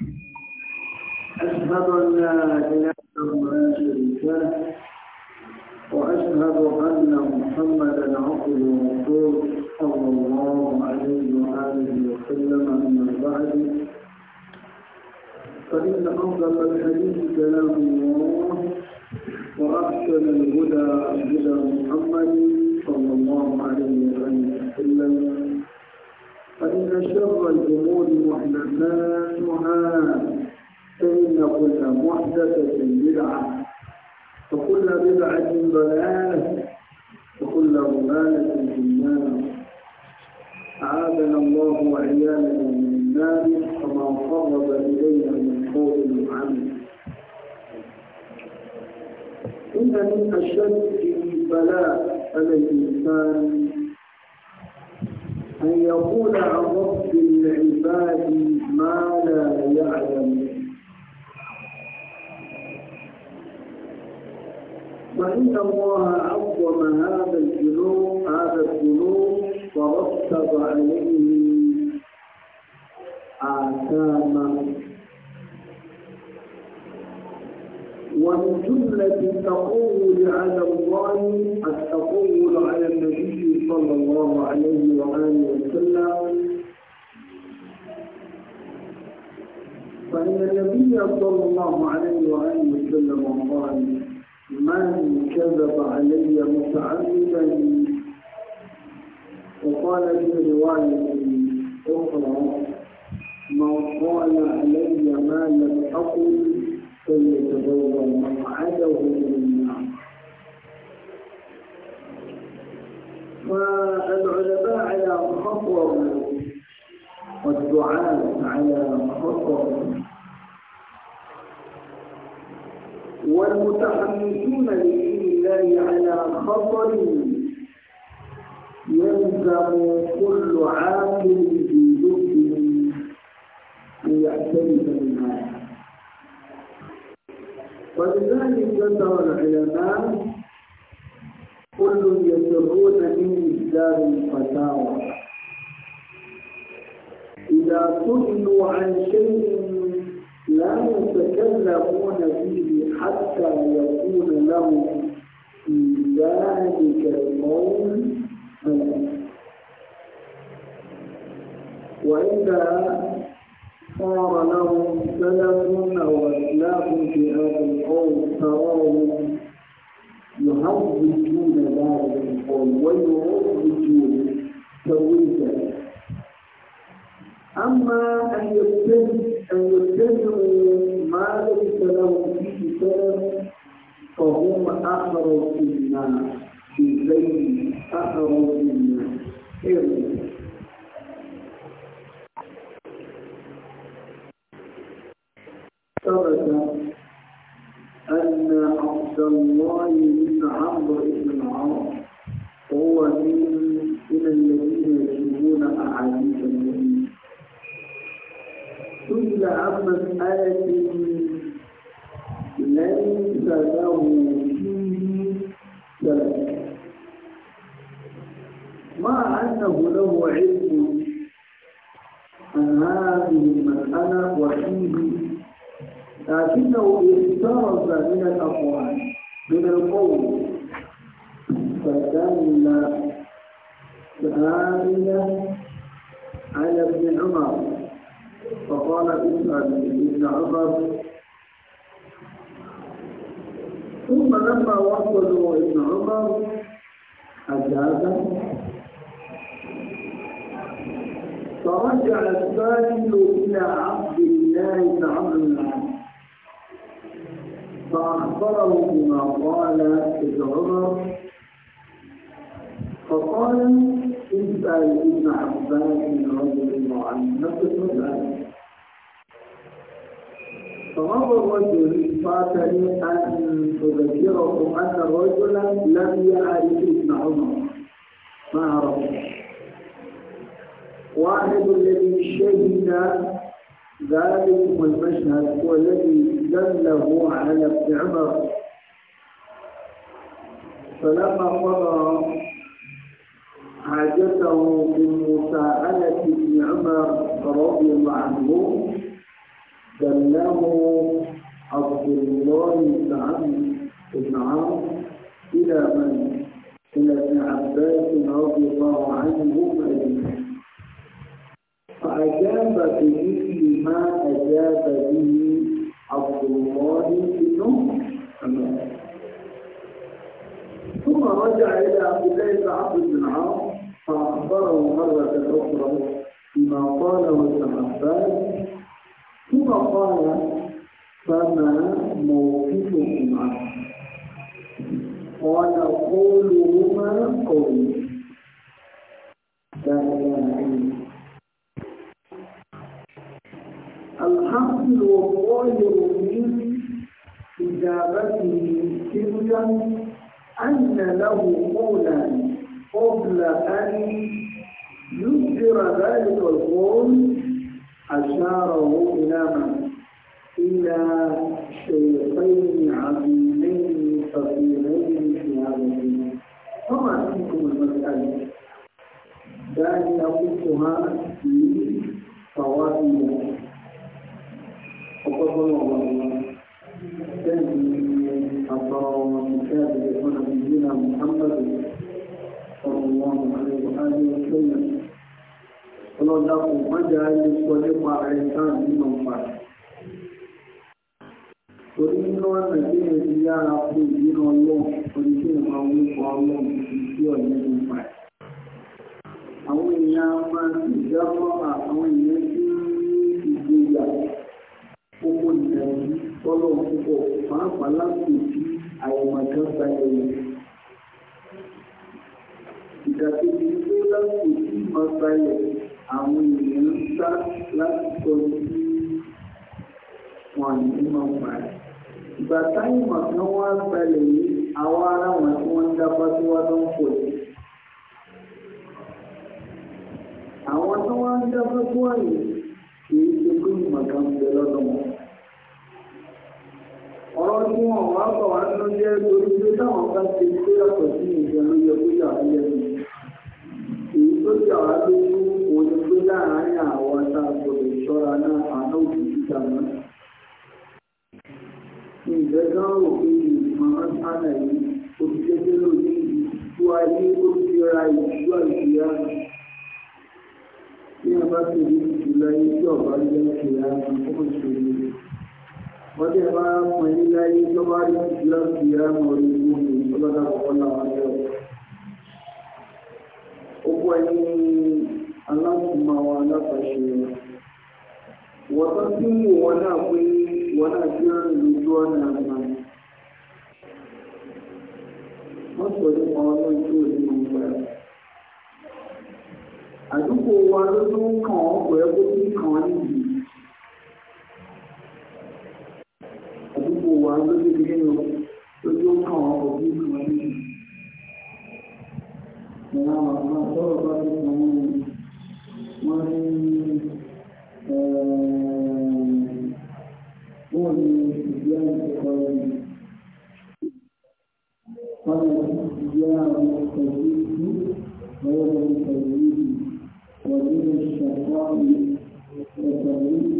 أشهد أن لا إله إلا الله وأشهد أن محمدا عبده ورسوله صلى الله عليه وآله وسلم أما بعد فإن أفضل الحديث كلام الله وأحسن الهدى هدى محمد صلى الله عليه وآله وسلم فإن شر الأمور محدثاتها فإن كل محدثة بدعة وكل بدعة ضلالة وكل ضلالة في النار أعاذنا الله وعيالنا من النار وما قرب إلينا من قول وعمل إن من الشرك البلاء على الإنسان أن يقول عن رب العباد ما لا يعلم فإن الله عظم هذا الجنون هذا الجنون ورتب عليه آثامه ومن جملة التقول على الله التقول على النبي صلى الله عليه وآله وسلم فإن النبي صلى الله عليه وآله وسلم قال من كذب علي متعمدا وقال في رواية أخرى من قال علي ما لم أقل فليتبوأ مقعده من النار فالعلماء على خطر والدعاة على خطر والمتحمسون لدين الله على خطر يلزم كل عاقل في ذكر ان به ولذلك ذكر العلماء كل يسرون من إسلام الفتاوى إذا سئلوا عن شيء لا يتكلمون فيه حتى يكون لهم في ذلك القول وإذا صار لهم سلف أو أسلاف في هذا القول تراهم يهبطون ذلك القول ويربطون تويته أما أن يتبعوا ما ليس لهم فيه سلف فهم في الناس في اخروا في الناس إيه؟ ثبت أن عبد الله بن عمرو بن العاص هو من من الذين يكتبون أحاديث النبي سئل عن مسألة ليس له فيه سبب مع أنه له علم عن هذه المسألة وفيه لكنه اقترب من الأقوال من القول فدل سامية على ابن عمر فقال اسأل ابن عمر ثم لما وصلوا ابن عمر أجاب فرجع السائل إلى عبد الله بن عمرو العاص فأخبره بما قال ابن عمر فقال اسأل ابن عباس رضي الله عنه نفس المسألة فمر الرجل فاتني أن أذكركم أن رجلا لم يعرف ابن عمر ما عرفه واحد الذي شهد ذلك المشهد هو الذي دله على ابن عمر فلما قضى حاجته بمساعدة ابن عمر رضي الله عنه دله عبد الله بن عمرو بن عمرو إلى من؟ إلى ابن عباس رضي الله عنه فأجاب بمثل ما أجاب به عبد الله بن عمر ثم رجع إلى قتيبة عبد بن عاص فأخبره مرة أخرى بما قاله الصحابات ثم قال فما موقفكم عنه قال قولهما قولي لا إله إلا الله الحمد والطائر من إجابته سرا أن له قولا قبل أن يجبر ذلك القول أشاره إلى إلى شيخين عظيمين فقيرين في هذا الدين فما فيكم المسألة دعني في لفوائد وقبل تهدي أطار كتابه ونبينا محمد صلى الله عليه وآله وسلم ọlọ́dàkùn mọ́jà ilé sọ nípa àìsàn nínú ọ̀pá torí nínú ọ̀nà tí mo ti yára fún ìdínà ọlọ́run orí tí mo máa ń kọ ọlọ́run sí ọ̀nà nípa àwọn èèyàn máa ń ìjábọ̀ àwọn ìgbéyàwó owó ìdàgbé tọ́lọ̀ púpọ̀ pàápàá láti ìdí àyèmọ̀kan sáyẹ̀ yìí. Ìdàkejì pé láti ìdí ìmọ̀ sáyẹ̀ àwọn ènìyàn ń sá láti sọ sí wọn ní mọ̀ pàdé. Ìgbà táyì màkàn wá gbalẹ̀ yìí àwọn ará wọn tí wọ́n ń dábá tí wọ́n tó ń pọ̀ yìí. Àwọn tí wọ́n ń dábá tó wà yìí kì í ṣe pé ìmọ̀kan ń bẹ lọ́dọ̀ wọn ọ̀rọ̀ tí wọ́n wá bọ̀ wá nínú jẹ́ lórí pé táwọn bá ti ṣe yàtọ̀ sí ìjọ ló yẹ kó yàrá yẹ mi èyí tó jà wá lójú òun ni pé láàárín àwọn àtàkùn ìṣọ́ra náà àná òkú títà náà ìgbẹ́jọ́ òfin ìmọ̀ sánà yìí òṣìṣẹ́ lórí ìtú ayé òṣìṣẹ́ra ìtú àìsíra bí wọ́n bá ti rí ìtura yìí tí ọ̀bá jẹ́ ìṣẹ̀lẹ̀ àwọn ọmọ ìṣòro wọ́n tẹ̀ máa ń pọ̀ ní láyé tó bá rí ìsìláàmù ìyáàmù orí gbogbo ìjọba àkọ́kọ́ làwọn ẹ̀rọ. ó pọ̀ ní aláǹkùmọ̀ àwọn aláfàṣe rẹ̀. wọ́n tó tí mú wọn náà pé wọn náà tí ó rìn lójú ọ̀nà àgbà. wọ́n sọ nípa ọlọ́run tó ní ìgbà. àdúgbò wa ló tó kàn ọ́ pẹ̀lú tí kàn ọ́ wà lójú ìdílé lọ lójú ó kàn wọn kò bí ìlú wọn àwọn ọmọ bá ti sàn wọ́n ní wọ́n ní wọ́n ní ìdí àwọn ìṣẹ̀kọ́ rẹ̀. Wọ́n ní ìdí àwọn ìṣẹ̀kọ́ rẹ̀ wọ́n ní ìṣẹ̀kọ́ rẹ̀ wọ́n ní ìṣẹ̀kọ́ rẹ̀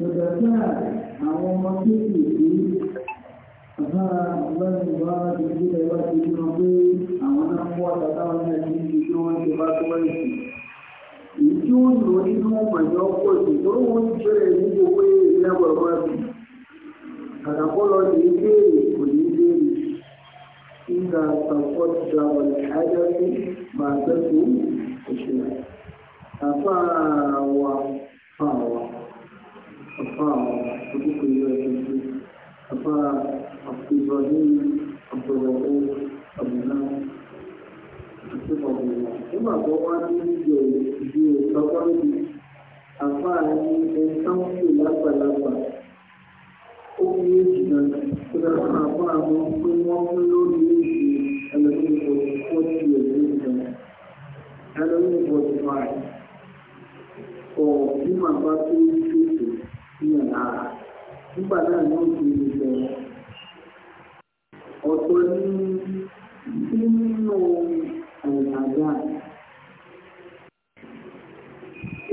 Sọ̀dọ̀ náà àwọn ọmọ kéèkèé àbára ọ̀gbẹ́nìwá ìdílé ẹwà ti rí wọn pé àwọn náà kó àtàtàwọn náà ní ibi tí wọ́n ti bá tó wáyé sí. Èyí tí ó lò nínú ọ̀gbẹ̀jọ́ pọ̀ sí tó wọ́n ń bẹ̀rẹ̀ ní gbogbo ìlẹ́wọ̀ ẹ̀wọ̀ ẹ̀bùn. Àdàkọ́ lọ sí ilé kò ní Àfáà wà fáà wà. أفا أبوك الوالد أفا عبد إبراهيم apa الرؤوف عبد الله nígbà tó wá ní ìjọ dia ìsọkọ́rìbì àfáà ní ẹ̀ńtánṣì lágbàlagbà ó fi èjì náà tó dára àfáà mọ́ pé wọ́n mú lórí èjì ẹlẹ́mìnìbọ̀ fọ́tì ẹ̀dẹ́ ìjọba ẹlẹ́mìnìbọ̀ fàì ọ̀ bí màá bá tó ń ṣètò síyàn lára nígbà náà ni ó ti lè bẹ̀rẹ̀ ọ̀tọ̀ ní nínú àìsàdá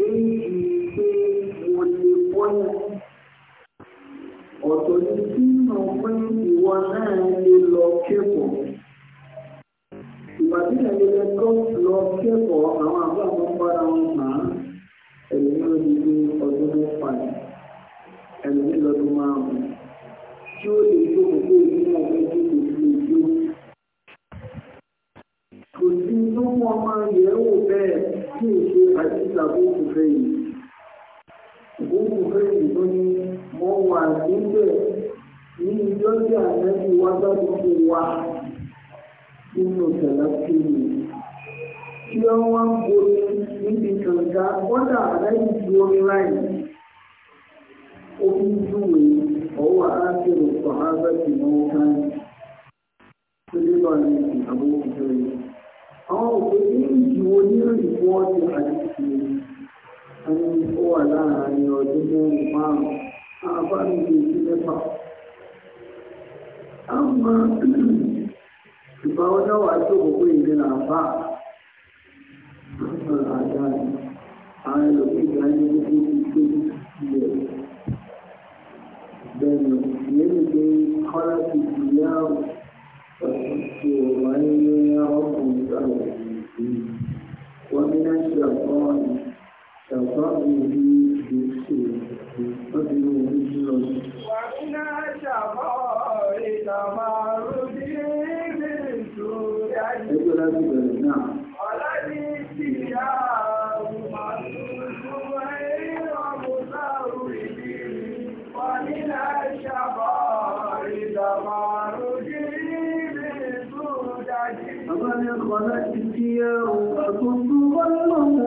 èyí pé mo lè bọ́yà ọ̀tọ̀ ní nínú pé ìwọ náà lè lọ kẹ́kọ̀ọ́ ìgbà tí ìyàlẹ́ lọ kẹ́kọ̀ọ́ àwọn àmọ́. àbúkùfẹ́yì àbúkùfẹ́yì tó ní mo wà níbẹ̀ ní ìjọ tí àyẹ̀bí wá gbádùn fún wa nínú tẹ̀lẹ́tìrì tí wọ́n wá ń borí níbi kànga kọ́dà lẹ́yìn tí omi láì omi júwe ọwọ́ àákèrò sọ̀hábẹ́ tí wọ́n ká ní sílébà ní àbúkùfẹ́yì àwọn òkè ní ìjìwò ní ìfọ́ ti àdìsí ẹni tó wà láàárín ọdún mẹ́rin márùn-ún àbá mi lè fi mẹ́fà. a mọ ìgbà ọjọ́ wà tó gbogbo ìlú làbá di yáwó ọ̀sán tó wáyé ní ọkùnrin náà ṣe ọ̀pọ̀ ọ̀nà. شفاءه بالسوء قدر مجرم ومن شفائك ما رضي بالسوء نعم ولدي ثياب مصروف غير مصرف ومن شفائك ما رضي بالسوء فمن خلقت ثياب فكنت ظلمه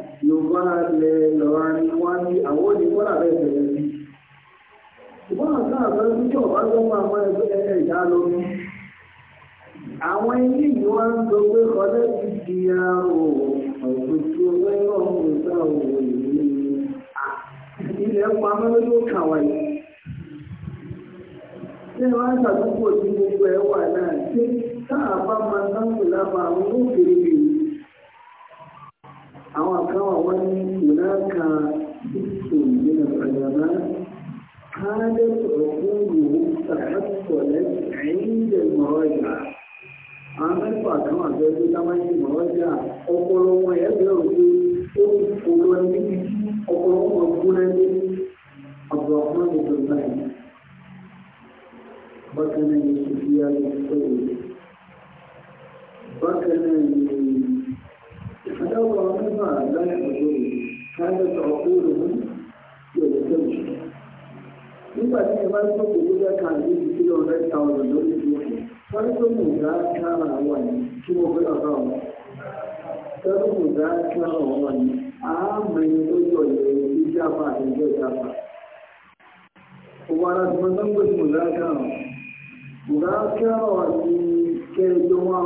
yorùbá àwọn ilé yìí wọ́n ń sọ pé kọ́lẹ́ ti di àrò ọ̀gbìn tí ó fẹ́ rọ̀ ń ilẹ̀ ń pamọ́ lójú ṣé wọ́n á ṣàdúgbò tí gbogbo ẹ̀ náà ṣé táà bá máa sáńkù lábàá àwọn ó kéré bèrè àwọn àkáwà wọ́n ní ìlàkà ìsò nínú ọ̀dọ̀má káàdé ọ̀gbọ́nù sàkàtọ̀lẹ̀ ẹ̀yìnlẹ̀ mọ̀ọ́jà àwọn mẹ́fà kan àjọ tó dámáyé mọ̀ọ́jà ọpọlọ wọn ẹ̀ bẹ̀rù pé ó ti bákan náà ní فصار منها لا يحضرون كانت عقولهم يتمشى nígbà tí ẹ bá ń tó gbogbo jẹ́ kan ní ti three hundred thousand lórí ìlú wọn ní tó mú ìdá kára wà ní kí wọ́n fẹ́ ọ̀gá wọn tẹ́lú mú ìdá kára wà ní ààmì tó yọ ìrẹ̀ ìjábà àtẹ̀jọ́ ìjábà òwò ara tí wọ́n tó ń gbé mú ìdá kára mú ìdá kára wà ní ẹjọ́ wá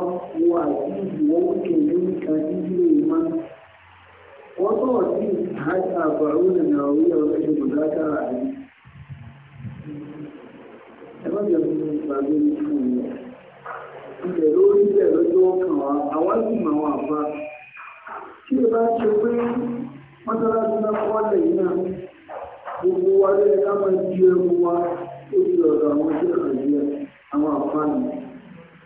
wo àdíjù wọ́wọ́kè lórí kan na ìmá wọ́n sọ̀rọ̀ sí àti àbàrú nà náà orí ọ̀rọ̀ ṣe kò dákàrà rẹ̀ ẹgbẹ́ jẹ́ fún mi gbàgbé ní fún mi ilẹ̀ lórí ilẹ̀ lọ́jọ́ kan wa àwọn sì mọ̀ àwọn àbá tí ẹ bá ṣe pé mọ́sálásí náà kọ́lẹ̀ yìí náà gbogbo wa lẹ́yìn máa di ẹrù wa ọ̀dọ̀ àwọn àwọn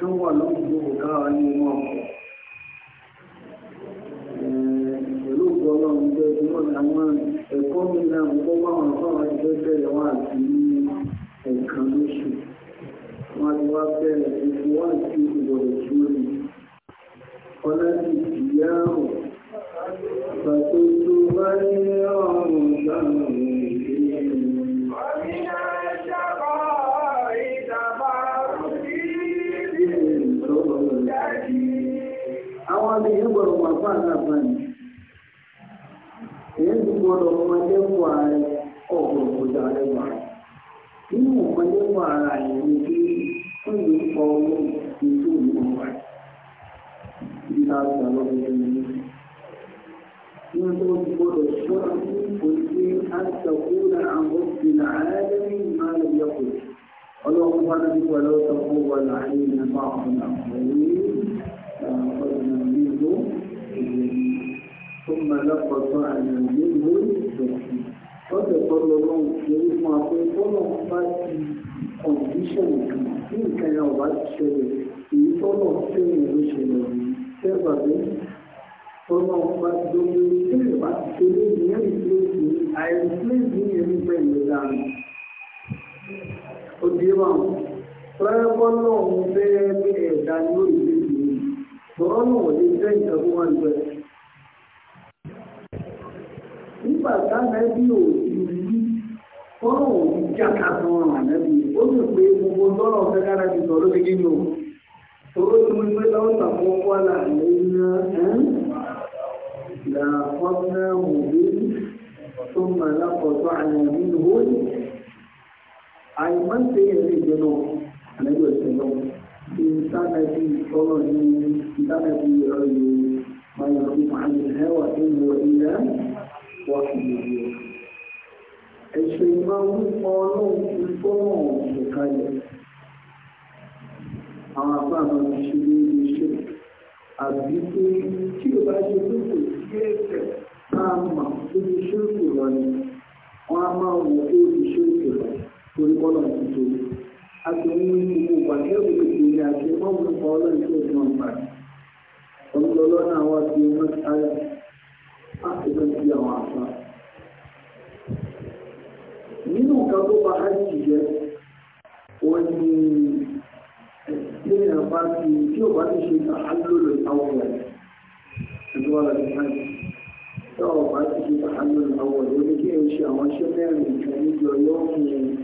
tó wà lóògbò dára ní wọn pẹ̀lú ọ̀pọ̀lọ́ ìjọ ìjọ àwọn ẹ̀kọ́ mi náà wọ́n wá wọn fún àwọn ìjọ bẹ̀rẹ̀ wọn àti ẹ̀kan lóṣù wọn ti wá bẹ̀rẹ̀ ìfún wọn àti ìgbọ̀rọ̀ tí ó lè ọlá ti ìyá ọ̀pàá tó tó bá ní ọ̀rùn dáhùn wálé yẹn gbọ́dọ̀ wà fún àgbàgbà ni èyí ti gbọ́dọ̀ ọmọdé kọ ààrẹ ọ̀gbọ̀n kọjá rẹ wà nínú ọmọdé kọ ara yẹn ni kí wọ́n lè kọ owó ètò ìwọ̀n wà bí a gbà ní. Nínú tó fún òṣì àtàkùnà àwọn àwọn àwọn ìlú. فننبذه اليمين ثم لقطعنا منه الوكيل lọ́dọ̀ tọ́lọ lọ́wọ́ lórí fún apẹ́ tọ́lọ̀ bá ti kọ̀ǹdíṣọ̀n kan tí nǹkan yà wá ti ṣẹlẹ̀ èyí tọ́lọ̀ tẹ̀yìn ló ṣẹlẹ̀ yìí tẹ́gbà bẹ́ẹ̀ tọ́lọ̀ bá ti dọ́gbé tẹ́lẹ̀ bá ti ṣẹlẹ̀ ìyẹn ìpínlẹ̀ ní àìrìpínlẹ̀ ní ẹni pẹ̀lú bí ẹ̀dá ní òyìnbó sọ̀rọ̀ náà wò lè jẹ́ nǹkan tó wà níbẹ̀. nígbà táwọn ẹbí ò ti rí fọ́nà ò jáka tó wọn ànábì ó sì pé gbogbo tọ́lọ̀ fẹ́ kára ti sọ̀rọ̀ sí kíni o. sọ̀rọ̀ tí wọ́n gbé lọ́wọ́ tàbí wọ́n wà láàrin iná ẹ́n làkọ́nà òbí tó mà lápọ̀tọ́ àyàn nínú òní àìmọ́ sí ẹ̀rí ìjẹ́ náà ànábì ọ̀sẹ̀ náà. إنسانتي صلني إنسانتي عيون ما يصف عن الهوى إن هو إلا وحي يوحى الشيطان قالوا القرآن بكلمة àwọn àpáàmọ́ ṣe ní iṣẹ́ àbí pé tí ò bá ṣe tó kò sí ẹ̀fẹ̀ máa mà tó ní ṣóòkè lọ wọ́n á máa wọ ó ní ṣóòkè lọ torí kọ́lọ̀ ti tóbi àti ní ìlú pàtẹ́wì ìlú àti fọ́ọ̀mù ọlọ́run tó ti wọn pa ọ̀pọ̀lọ́ náà wá sí ọmọ sáyà láti lọ sí àwọn àfa nínú nǹkan tó bá hajj jẹ wọn ni lẹ́yìn àbá ti tí ò bá ti ṣe tàhálòlò àwọn ọ̀rẹ́ ẹ̀dọ́ ọ̀rẹ́ ti hajj tí ò ti ṣe tàhálòlò àwọn ọ̀rẹ́ ó ní kí ẹ ṣe àwọn iṣẹ́ mẹ́rin ìjọ níjọ yọ̀ọ́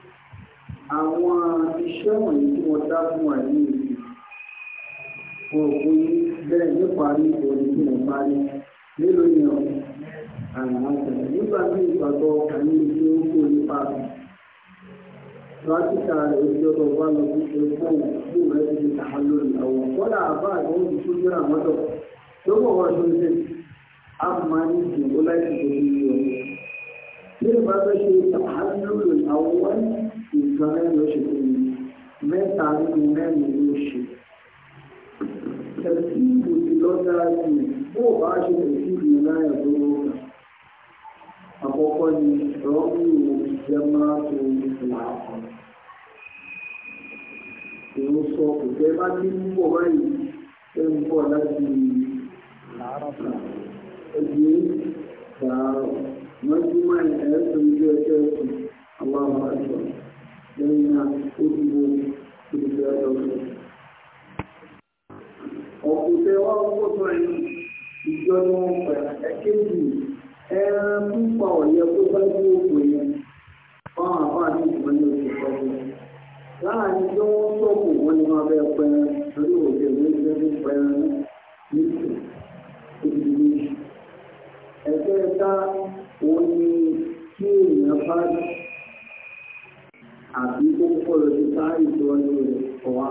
àwọn iṣẹ́ wọ̀nyí tí wọ́n dá fún wa ní ìlú wọn kò ní bẹ́ẹ̀ níparí òní tí wọ́n parí nílò yẹn àyàmọ́tẹ̀ nígbà tí ìgbàgbọ́ kàní tí ó kó nípa Rákítà rẹ̀ ojú ọdọ̀ wà lọ sí ẹgbẹ́ ìlú rẹ̀ ti ta lórí àwọn kọ́lá àbá àwọn olùkú jẹ́ àmọ́dọ̀ tó bọ̀ wá tó ń ṣe a máa ń dùn ó láì ṣe ìdí ìyọ̀. Bí fẹ́ ṣe ìtàhálù àwọn wáyé ìjọ mẹ́rin ló ṣe fún mi mẹ́ta nínú mẹ́rin ló ṣe tẹ̀sí ìbò ti lọ́jà yìí bó o bá ṣe tẹ̀sí ìbò náà tó rọrùn àkọ́kọ́ ni rọ́ọ̀mù ìjẹ́ máa tó ìlà ọ̀hún òun sọ kò fẹ́ bá ní púpọ̀ báyìí ẹ ń bọ̀ láti ẹgbẹ́ ìgbà mọ́júmọ́ ẹ̀ ẹ́ tó ń jẹ́ ẹ̀kẹ́ ẹ̀kùn àwọn àwọn àjọ lẹ́yìn náà ó ti wo ìgbésẹ̀ ọ̀dọ̀ ọ̀pọ̀tẹ́ wá owó tó ẹni ìjọba ọ̀pẹ̀ ẹ̀kéjì ẹran púpà ọ̀yẹ tó bá dé òkú yẹn fáwọn àti tó ń kọ́ lọ́dún sáàrì tó wọ́n ní ọ̀wá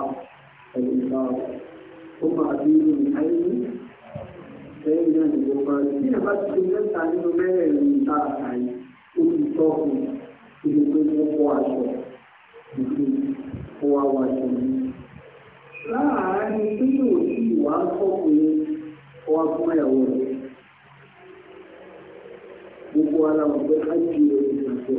ẹ̀dùn sáàrì ó máa bí irú ní àìní lẹ́yìn náà ní gbogbo bá rí bí ẹ bá ti ṣe mẹ́ta nínú mẹ́rẹ̀ẹ̀rin ìta àkàyè ó ti tọ́ fún ibi tó ní ọkọ̀ aṣọ ìfi kó wá wá aṣọ mi. láàárín tí yóò sí ìwà sọ́kùnrin ọwá fún ẹ̀wọ̀ rẹ̀ gbogbo aláwọ̀ pé ká jí ẹ̀rọ ìgbàgbọ́.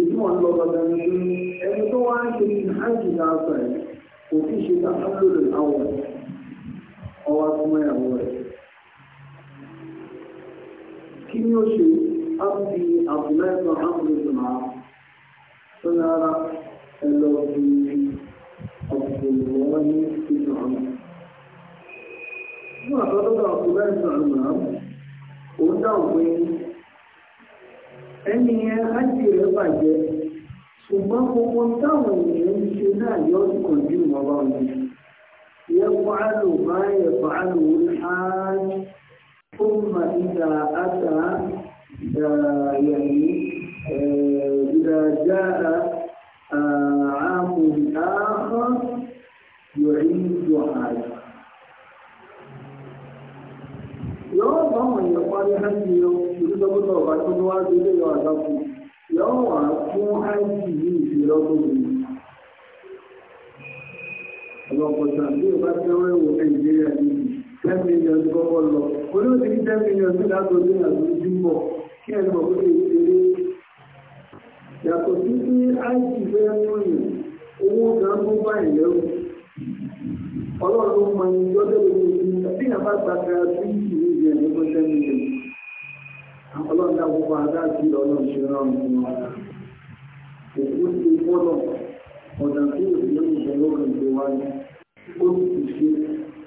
ìlú wọn lọ bàbá ní pé ẹni tó wá ń ṣe ní àìsí dáàbà ẹ̀ kò tí ì ṣe tàbí lòlẹ̀ àwọ̀ ọwá tó mọ́ ìyàwó rẹ̀ kí ni ó ṣe á fi àbúláì sọ àbúlé tó máa tó nára ẹ lọ fi ọ̀pọ̀lọpọ̀ wọn ní ìṣòro àmọ́ fún àtọ́lọ́dọ̀ àbúláì sọ àmọ́ òun dáhùn pé ẹni yẹn ájì rẹ̀ bàjẹ́ ṣùgbọ́n gbogbo táwọn èèyàn ṣe náà yọ ọdún kan bí bá wọn yẹ fàálù bá yẹ fàálù áájú tó mà ìdá àtà yẹ̀yìn ìdá jára àmùn áhọ́ yọ̀rí ìjọ ààrẹ. yọ́ bá wọn yẹ parí ìlú ọ̀bá tó wá sí ilé ìwà àgbàkù yóò wà fún áìsì yìí ìfìlọ́gbọ̀n mi. bí o bá tẹ́wọ́ ẹ̀wọ̀ nàìjíríà yìí ten million lọ olóòtú ní ten million sí láti ọdún àti jímọ̀ kí ẹ̀ mọ̀ pé ìṣeré yàtọ̀ sí pé áìsì fẹ́ mú owó gan tó bá ìlẹ́rù ọlọ́run mọ ẹni lọ́dọ̀ lórí ìdí bí àbá gbàgbà sí ìṣirò ìdí ẹ̀ ọlọ́run dá gbogbo adáàtì ọlọ́run ṣe rán fún wọn òkú ti fọ́lọ̀ ọ̀dà tí ò sí lórí ìṣẹ̀lẹ̀ ọkàn tó wáyé ó sì ti ṣe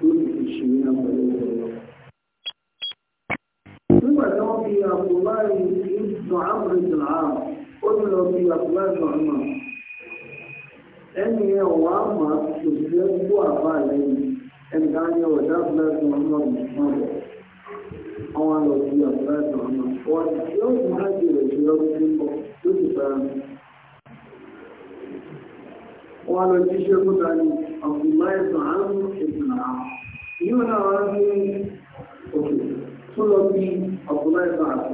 ó sì ti ṣe ní àpẹẹrẹ ọ̀rọ̀. nígbà tí wọ́n fi àpòláì ìtàn àmọ̀rẹ́ ìtàn àrùn ó ti lọ fi àpòláì ìtàn àmọ̀ ẹni ẹ̀ wọ́n á mà kò sí àbá lẹ́yìn ẹ̀ka ni ọ̀dà àpòláì ìtàn àmọ̀ àwọn àlọ́bí àwọn àgbà wọn tí ó mú hajj rẹ̀ jù lọ sí pọ̀ tó ti fara mi. Wọ́n lọ jíṣẹ́ kúta ní Abdullahi Sàánù Ibn A'a. Yóò náà wá otu òkè tó lọ bí Abdullahi Sàánù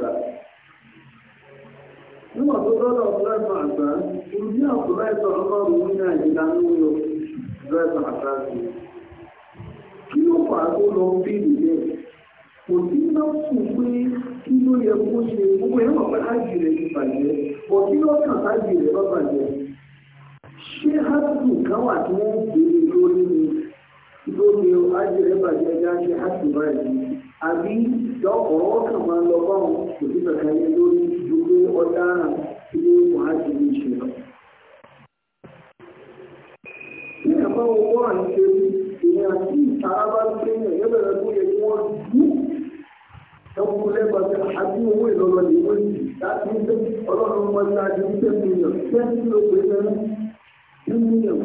Nígbà tó dọ́dọ̀ Abdullahi Sàánù, ìdí Abdullahi Sàánù bá ní àìjíká ní ó lọ Abdullahi Kí ló fà á tó lọ bí ìdílé kò sí lọ́sùn pé kí ló yẹ kó ṣe gbogbo ẹ̀rọ ọ̀pẹ́ láti rẹ̀ ti bàjẹ́ ọ̀ kí lọ́sàn láti rẹ̀ lọ́ bàjẹ́ ṣé hásùn kan wà tí wọ́n ń bàjẹ́ ẹja ṣe báyìí àbí kan máa lọ báwọn lórí ju pé ilé ní pè yẹn tó yẹ kí wọ́n ẹkùn lẹ́gbàá sí àti owó ìlọ́lọ́ ní ìwé ìlú láti ní pé ọlọ́run wọn ní adé ní ten million ten kilo pé náírà ten million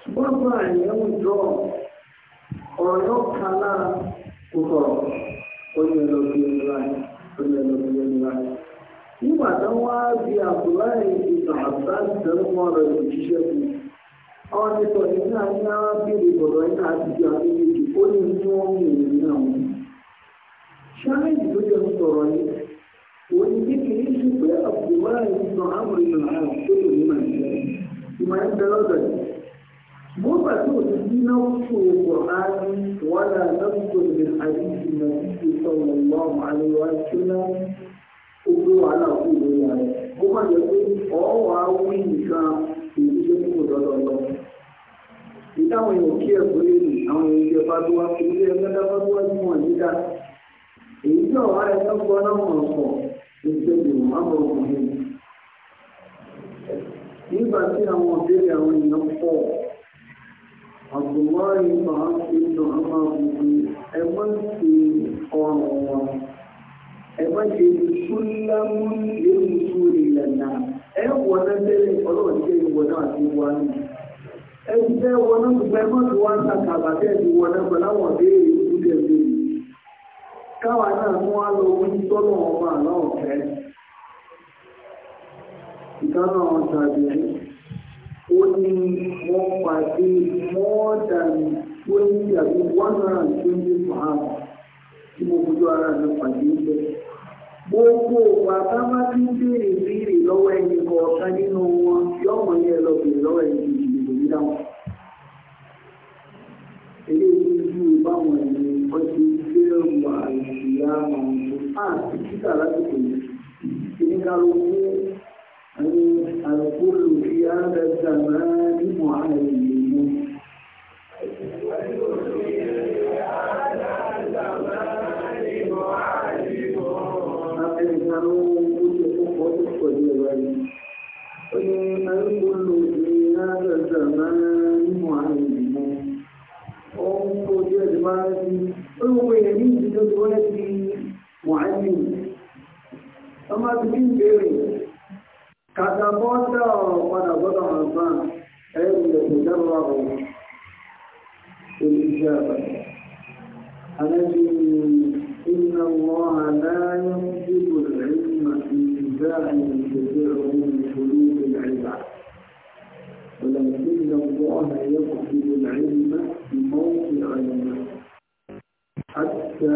ṣùgbọ́n fún àyẹ̀ ọ̀rọ̀ yóò kan náà kò sọ̀rọ̀ ẹni láì ẹni láì. nígbà wá àbúláì àbúláì rẹ̀ ṣáájú ló yẹ kó sọ̀rọ̀ yìí òun ní kékeré sí pé àbùkù yìí sọ àwọn èèyàn àwọn tó lò ní màlúù ìmọ̀ ẹ̀ bẹ̀rẹ̀ ọ̀dọ̀ yìí. mo gbà tí ò ti dín náà fún òkò áárí wọn là lọ́dún lè àdìsí náà ti sọ wọn lọ àwọn àlejò àti náà ó gbé wàhálà fún ìlú ìyá rẹ̀ èyí tí ọ̀wá rẹ̀ tó gbọ́ náà mọ̀ pọ̀ ìṣèlú àbọ̀ ọkùnrin. nígbà tí àwọn òbéèrè àwọn èèyàn pọ̀ àbùmọ́ ìmọ̀ ìnà àmà òkú ẹ má ṣe ọ̀rọ̀ wọn ẹ má ṣe ìṣúlámú léwu ẹ wọ náà ọlọ́run náà ẹ jẹ́ wọn náà tó wá ń ta káwa náà mú wá lọ wí tọ́lọ̀ ọmọ àná ọ̀fẹ́ ìtọ́nà ọ̀sàbí ó ní wọ́n pàdé more than twenty àbí one hundred and twenty five tí mo fojú ara mi pàdé ń bẹ. gbogbo bàbá má ti ń béèrè béèrè lọ́wọ́ ẹni kọ̀ọ̀kan nínú wọn yọ̀mọ̀ ní ẹ lọ lọ́wọ́ ẹni kejì ìdòwú dáhùn. eléyìí ju báwọn ẹni ó ti gbé ọmọ àìsíyá ọmọ àti ah, títà lásìkò yìí oníkàlùkù àti àlùkù lòdì àgbẹ̀dàmọ́ ní mọ̀ àìyí. معلم ọmọ bíbí ń béèrè kàtàkọ́ńtà padà gbọ́dọ̀ àǹfààn ẹ̀rù ìyẹ̀kùn dábọ̀ àwọn olùjẹ́bà alẹ́bí iná wọn aláyọ̀ dìbò ìrìnà ìgbà ìṣẹ̀lẹ̀ òun ìṣòro ìrìnà الله يقصد العلم بموقع المسلم حتى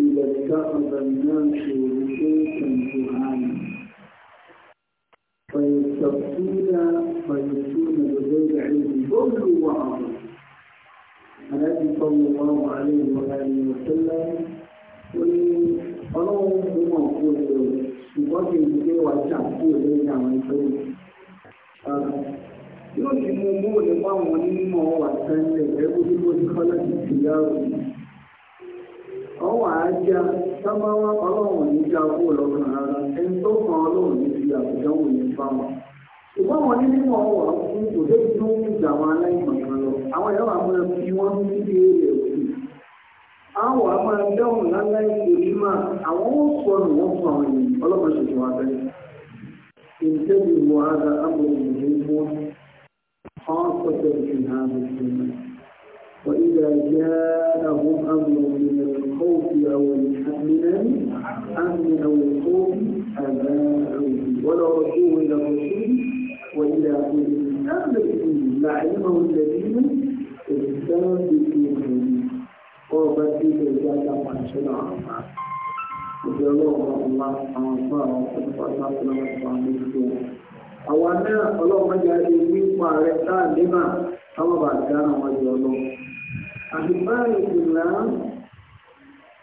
إذا اتخذ الناس رؤوسا جهانا فيستفتون فيفتون بغير علم ضلوا وعظوا النبي صلى الله عليه وآله وسلم ọlọ́run fún ọ̀pọ̀ ẹ̀rọ ṣùgbọ́n kì í ṣe wà ṣàkóso lẹ́yìn àwọn ìṣòro. yóò ti mú mú òní fáwọn onímọ̀ wà sẹ́ńtẹ̀ ẹ̀rú tí mo ti kọ́ láti ṣìyàwó yìí. wọ́n wà á já sábáwá ọlọ́run ní já kó lọ́kàn rárá ẹni tó kan ọlọ́run ní fi àbùdáwò ní fáwọn. ṣùgbọ́n wọn ní nínú ọwọ́ fún òde tó ń gbà wọn aláìmọ̀ kan lọ àwọn ẹ̀rọ àwọn ẹbí wọn ń bí èrè òkú. a máa dáhùn àwọn ó sọ nù wọ́n fún àwọn ènìyàn ọlọ́run ṣètò wa bẹ́ẹ̀. wọ ara الخوف أو المؤمنين أمن أو الخوف أباعه ولو رجوه إلى الرسول وإلى أهل الأمر لعلمه الذين السابقون قربت في الجنة عن شرع الله الله سبحانه وتعالى àwọn náà ọlọ́pàá jáde nípa rẹ̀ táà nígbà táwọn bàtà àwọn ìyọ̀lọ́ àti báyìí ìlànà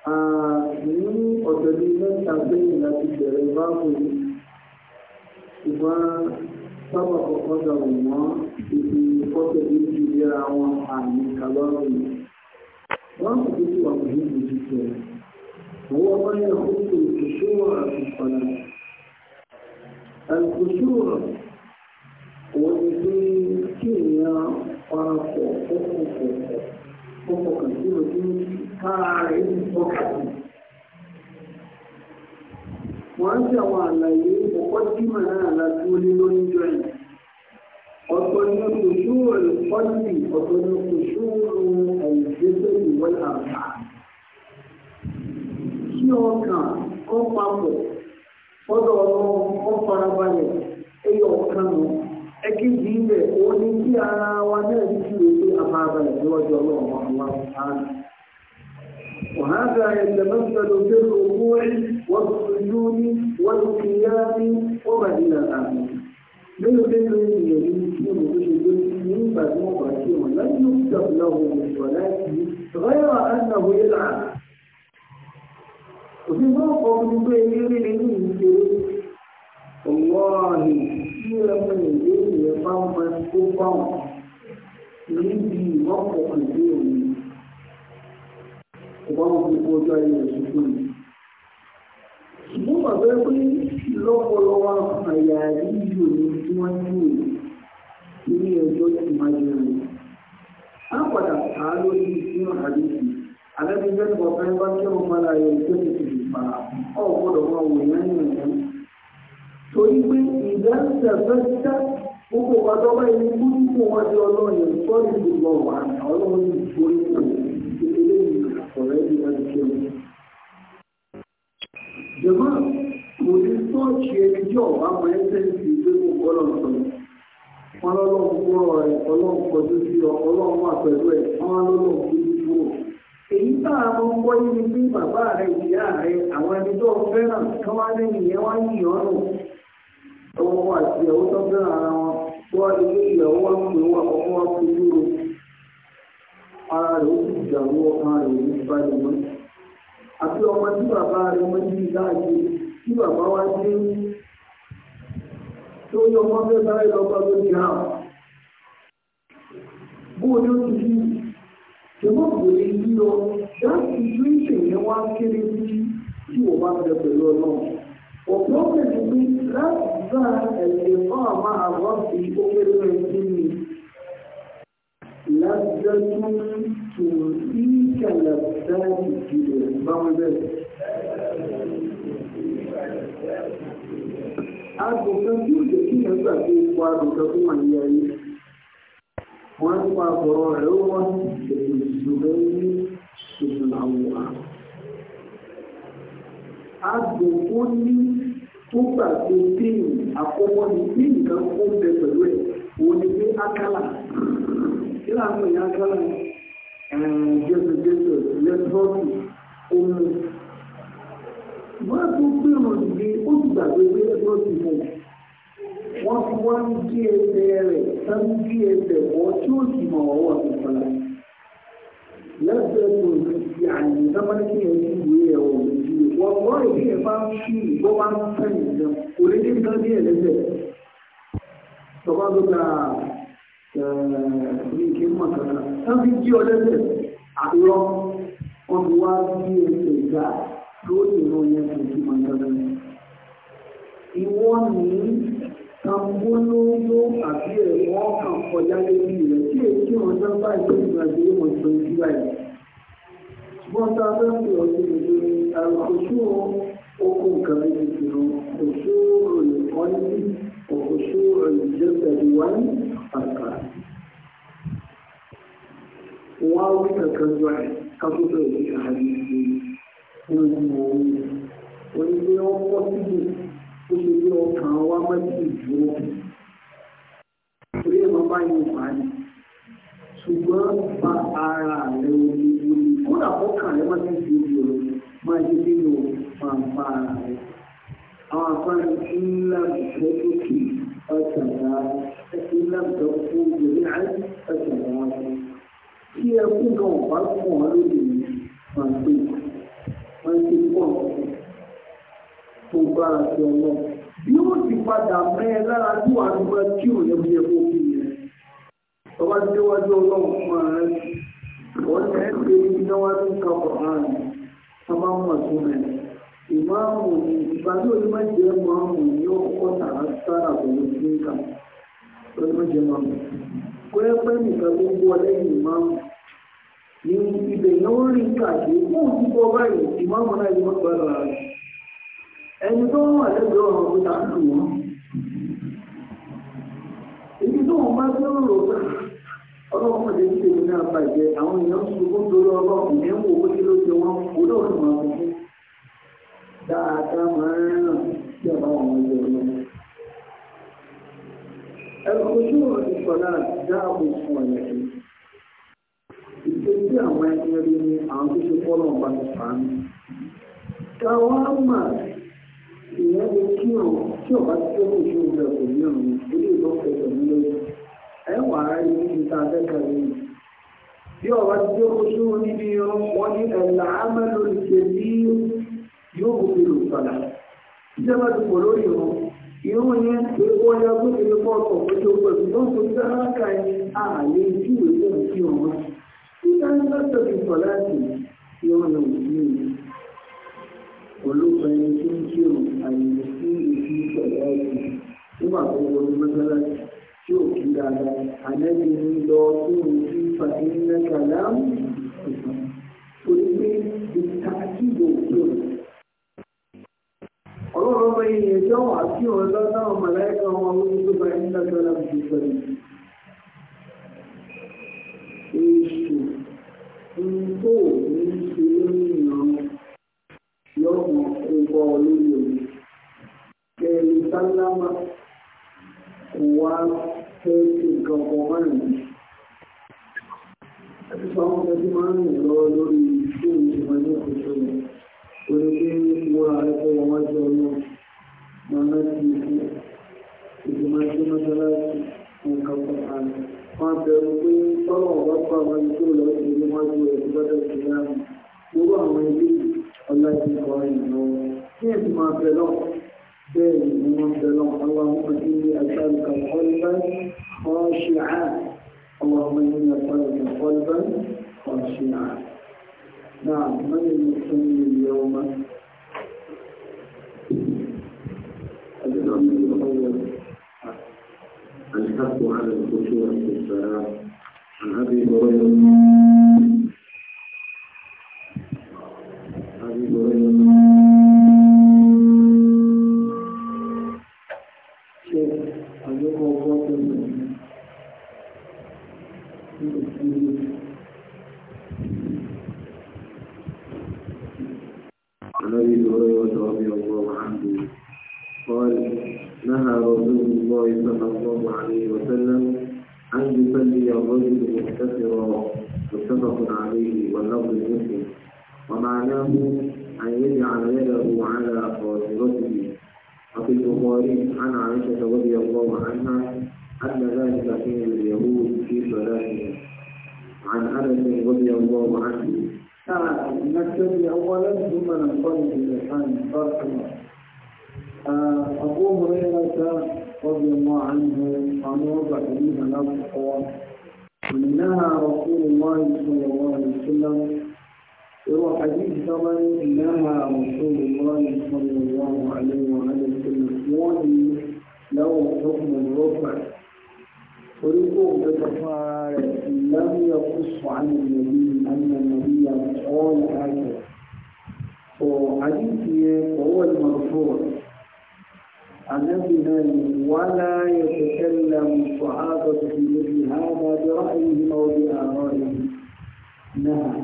ní ọ̀sẹ̀ bíi mẹ́ta sẹ́yìn láti bẹ̀rẹ̀ báàbò ṣùgbọ́n sábà kọ̀ọ̀kan dàrú mọ́ ibi fọ́tẹ̀ méjì léra wọn àmì kàlọ́rù yìí. wọ́n kò tó ti wà pẹ̀lú ìbòjú tẹ̀. هو ما يخص الخشوع في الصلاة الخشوع والذي كيمياء ورقة فوق فوق فوق كثير kára rẹ̀ ń tọ́ka sí. Wọ́n ń ṣàwọn àlàyé ọkọ̀ tí mà náà láti wọlé lórí ìjọ yìí. Ọ̀tọ̀ ni kòṣù ọ̀lùkọ́sì, ọ̀tọ̀ ni kòṣù ẹ̀yìnṣẹ́sẹ́ ìwọ́n àbá. Kí ọkàn kọ́ papọ̀, ọ̀dọ̀ ọ̀rọ̀ kọ́ farabalẹ̀, ẹyọ ọ̀kan nù. Ẹkíjì ilẹ̀ òun ni kí ara wa náà ti fi òye àmàbalẹ̀ níwájú ọlọ́run àwọn àwọn àwọn وهذا يتمثل في الركوع والسجود والقيام وما إلى آخره nínú nínú ìyẹ̀wò tí mo tó ṣe lórí ní ìgbà tí wọ́n bá ṣe wọn láti ló dà lọ́wọ́ ìṣọ̀ láti rẹ́wà ánàwó yẹ́là. òṣìṣẹ́ ọkọ̀ mi gbé eré nínú ìṣòro ọ̀wọ́ọ̀hìn tí ọmọ ìlú ìyẹn bá ń bá tó bá wọn níbi ìmọ̀kọ̀ọ̀kan sí òun ìbámu gbogbo ọjọ́ ayé rẹ̀ fún mi. ṣùgbọ́n bàbá pé lọ́pọ̀lọpọ̀ àyà yíyọ ni tí wọ́n ń lò ní ẹjọ́ tí máa jẹ rẹ̀. a padà ta lórí ìṣúná àdéhùn àlẹ́bíjẹ́ ní bàbá yẹn bá kí wọ́n máa la yẹ ìjọ́ ti fi fà ọ̀ gbọ́dọ̀ máa wò yẹn ní ẹ̀jẹ̀. torí pé ìdá ń tẹ̀fẹ́ dá gbogbo ọ̀dọ́ báyìí ní kúrúkú wọn di ọlọ́run yẹn sọ́ọ̀rì gbogbo ọ̀wà ọlọ́run yìí jẹun jẹmọ́ kò ní tọ́ọ̀kì ẹni jọ àwọn ẹsẹ̀ǹsì tó kò kọ́lọ̀ sọ a lọ́lọ́run kúrọ̀ rẹ̀ ọlọ́run kọjú sí ọ ọlọ́run wà pẹ̀lú a bàbá rẹ àti tó ara wọn ìyàwó ara rẹ̀ ó sì rẹ̀ ó sì àti ọmọ tí bàbá rẹ̀ mọ́ ní ìdáàjì tí bàbá wá dé tó ní ọmọ fẹ́ sáré lọ́gbà tó ní hàn bóò ní ó ti fi ṣèmọ́ kò lè yí lọ láti ju ìṣèyẹn wá kéré sí tí wọ́n bá fẹ́ pẹ̀lú ọlọ́run ọ̀pọ̀ pẹ̀lú pé láti gbá ẹ̀sìn fún àmà àwọn ìfowópamọ́ ẹ̀sìn mi. لذة تؤذيك لذات الموضع Àgùnkàn tí ó jẹ́ kí ẹ gbàgbé ipò àgùnkàn tó wà ní ayé. Wọ́n ń pa àbọ̀rọ̀ rẹ̀ ó wọ́n ètò ìṣòro ní ìṣòro àwòrán. Àgùnkàn ní tó gbàgbé pín àkọ́kọ́ ní pín nǹkan ó ń bẹ pẹ̀lú ẹ̀ òun pé ákálà kí láàmú ìyá kọ́lá jésù jésù lẹ́tọ́ọ̀kì omi wọ́n tó gbèrò ìgbé ó ti gbàgbé pé ẹgbẹ́ ti fún wọ́n fi wá ní kí ẹsẹ̀ rẹ̀ sáwọn kí ẹsẹ̀ ọ̀ tí ó sì mọ̀ ọwọ́ ti fọlá lẹ́sẹ̀ tó ti àyè sábàá kí ẹ ti wé ẹ̀ ọ̀ lójú wọ́n wọ́n ẹ̀ bá ń fi ìgbọ́ bá ń fẹ́ nìyẹn kò lè dé nǹkan bí ẹ̀ lẹ́sẹ̀ tó dáa ní kí mọ̀ kankan tán fi jí ọlẹ́sẹ̀ àlọ́ wọn fi wá bí ẹsẹ̀ ìgbà lórí ìran yẹn kò sí mọ̀ kankan. ìwọ́n ní tambólóyó àbí ẹ̀wọ́n kan kọjá lórí rẹ̀ tí èyí wọn sá báyìí tó ìgbà tí ó mọ̀ sọ sí báyìí. ṣùgbọ́n tá a fẹ́ fi ọ̀sẹ̀ wáyé kankan wọ́n wí kankan jọ ẹ̀ kápútọ̀ ìwé àdìsí nínú òun onígbé wọn pọ̀ síbò ó ṣe bí ọkàn wa mẹ́tì ìdúró orí ẹ̀mọ́ bá yóò bá ní ṣùgbọ́n bá ara rẹ̀ omi omi kódà kọ́kàn rẹ̀ má ti fi omi ọ̀rọ̀ máa ṣe nínú pàǹpà rẹ̀. أعطاني إن لم تشركي فسلام إن لم تكون جميعا فسلام kí ẹkún kan ọ̀pá fún ọ lóde pàṣẹ pàṣẹ pọ̀ tó bára sí ọlọ́ yóò ti padà mẹ́ ẹ lára tí wàá ti máa kí òun yẹn kó kí yẹn ọba tí ọlọ́run fún ara rẹ wọ́n ti ń pè é iná wá ní kakọ̀ ààrùn ọba mọ̀ tó mẹ́rin ìmáàmù ìgbàdí onímọ̀ jẹ́ máàmù ní ọkọ̀ tààrà sára pẹ̀lú sínkà onímọ̀ jẹ́ máàmù kó yẹ pé nìkan tó ń bọ́ lẹ́yìn ìmáàmù ní ibẹ̀ yẹn ó rí káàkiri fún òtúbọ̀ báyìí ìmáàmù náà ni wọ́n gba ara rẹ̀ ẹni tó wà lẹ́gbẹ̀ẹ́ ọ̀rọ̀ tó ta kù wọ́n ibi tó wọn bá tó ń lò pé ọlọ́kùnrin ti ṣe ní abàjẹ́ àwọn èèyàn ń sunkún torí ọlọ́kùnrin ń wò ó kí ló ṣe wọn kó lóòrùn máa mú dáadáa máa ń ràn sí ọba àwọn ọjọ́ ọ̀nà. Ẹ̀kọ́jú ọ̀rọ̀ ìṣọ̀lá dáàbò fún ọ̀yà yìí. Ìṣe tí àwọn ẹni rí ni àwọn tó ṣe fọ́lọ̀ ọba ti fà á ní. Káwá mà ìyẹn lè kí ọ̀rọ̀ tí ọba ti tó kò ṣe òun ẹ̀kọ́ ní ọ̀run ilé ìlọ́pẹ̀ pẹ̀lú lórí. Ẹ wà á rí ní ta akẹ́kọ̀ọ́ yìí. Bí ọba ti tó kò ṣe òun níbi wọn ní ẹ̀là ámẹ́lò ìṣèlú yóò wò pé òṣàlà ìjọba ti pọ̀ lórí wọn ìrún yẹn ewó ya gbókèrè pọ́ọ̀tọ̀ ojú pẹ̀lú tó ń tó sáráka ẹni ààyè ojú ìwé fún ìfi ọ̀run títà ń lọ́sọ̀ fi sọ láti ìrún yẹn òjú ìwé olóògbé ẹni tó ń kí òun àyè sí ìfi ìṣẹ̀lẹ̀ ẹ̀sìn nígbà tó wọlé mọ́sálásì tí ò kí dáadáa ànẹ́bí ń lọ sí òun sí fàtí nẹ́kàlá ìfà torí pé ọlọ́run ọmọ ènìyàn tí wọ́n wà sí òun lọ́dọ̀ ọmọ láìka wọn àwọn onígbò bá ní lọ́dọ̀ láti fi sọ yìí. èṣù ń tó ní ṣe lórí ìran yọ̀ọ̀mọ̀ kó bọ́ lórí òun. kẹ̀lú sálámà kò wá fẹ́ ṣe nǹkan kan márùn-ún. àti sọ àwọn ọmọdé máa ń rìn lọ́wọ́ lórí ìṣòro ìṣèwọ̀n ní òṣèlú torí pé wọ́n rà ẹgbẹ́ wọn jọ náà màmá ti fi ìgbìmọ̀ sí mọ́sálásí nǹkan pàtàkì wọn bẹ̀rù pé tọ́lọ̀ ọ̀gá pa àwọn ẹni tó lọ sí ilé wọn ju ẹ̀sùn bá tẹ̀sí láàmú gbogbo àwọn ilé ọlá ti kọ́ ẹ̀yìn lọ́wọ́ kí نعم من المصلي اليوم الأمر الأول الحق على الخشوع في الصلاة عن أبي هريرة أبي هريرة النبي صلى الله عليه وسلم أن يصلي الرجل مختصرا متفق عليه واللفظ المسلم ومعناه أن يجعل يده على خاصرته وفي البخاري عن عائشة رضي الله عنها أن ذلك حين اليهود في صلاتهم عن أنس رضي الله عنه نعم آه، نبتدي أولا ثم ننطلق إلى الآن فرق آه، أبو هريرة رضي الله عنه ونرضى فيها نفس قوام ونهى رسول الله صلى الله عليه وسلم هو حديث طبعا نهى رسول الله صلى الله عليه وعلى وسلم ولي له حكم الرفع ويقول بتفاعل لم يقص عن النبي أن النبي قال هكذا وحديثه هو المرفوع النبي ولا يتكلم الصحابة في مثل هذا برأيهم أو بآرائهم نعم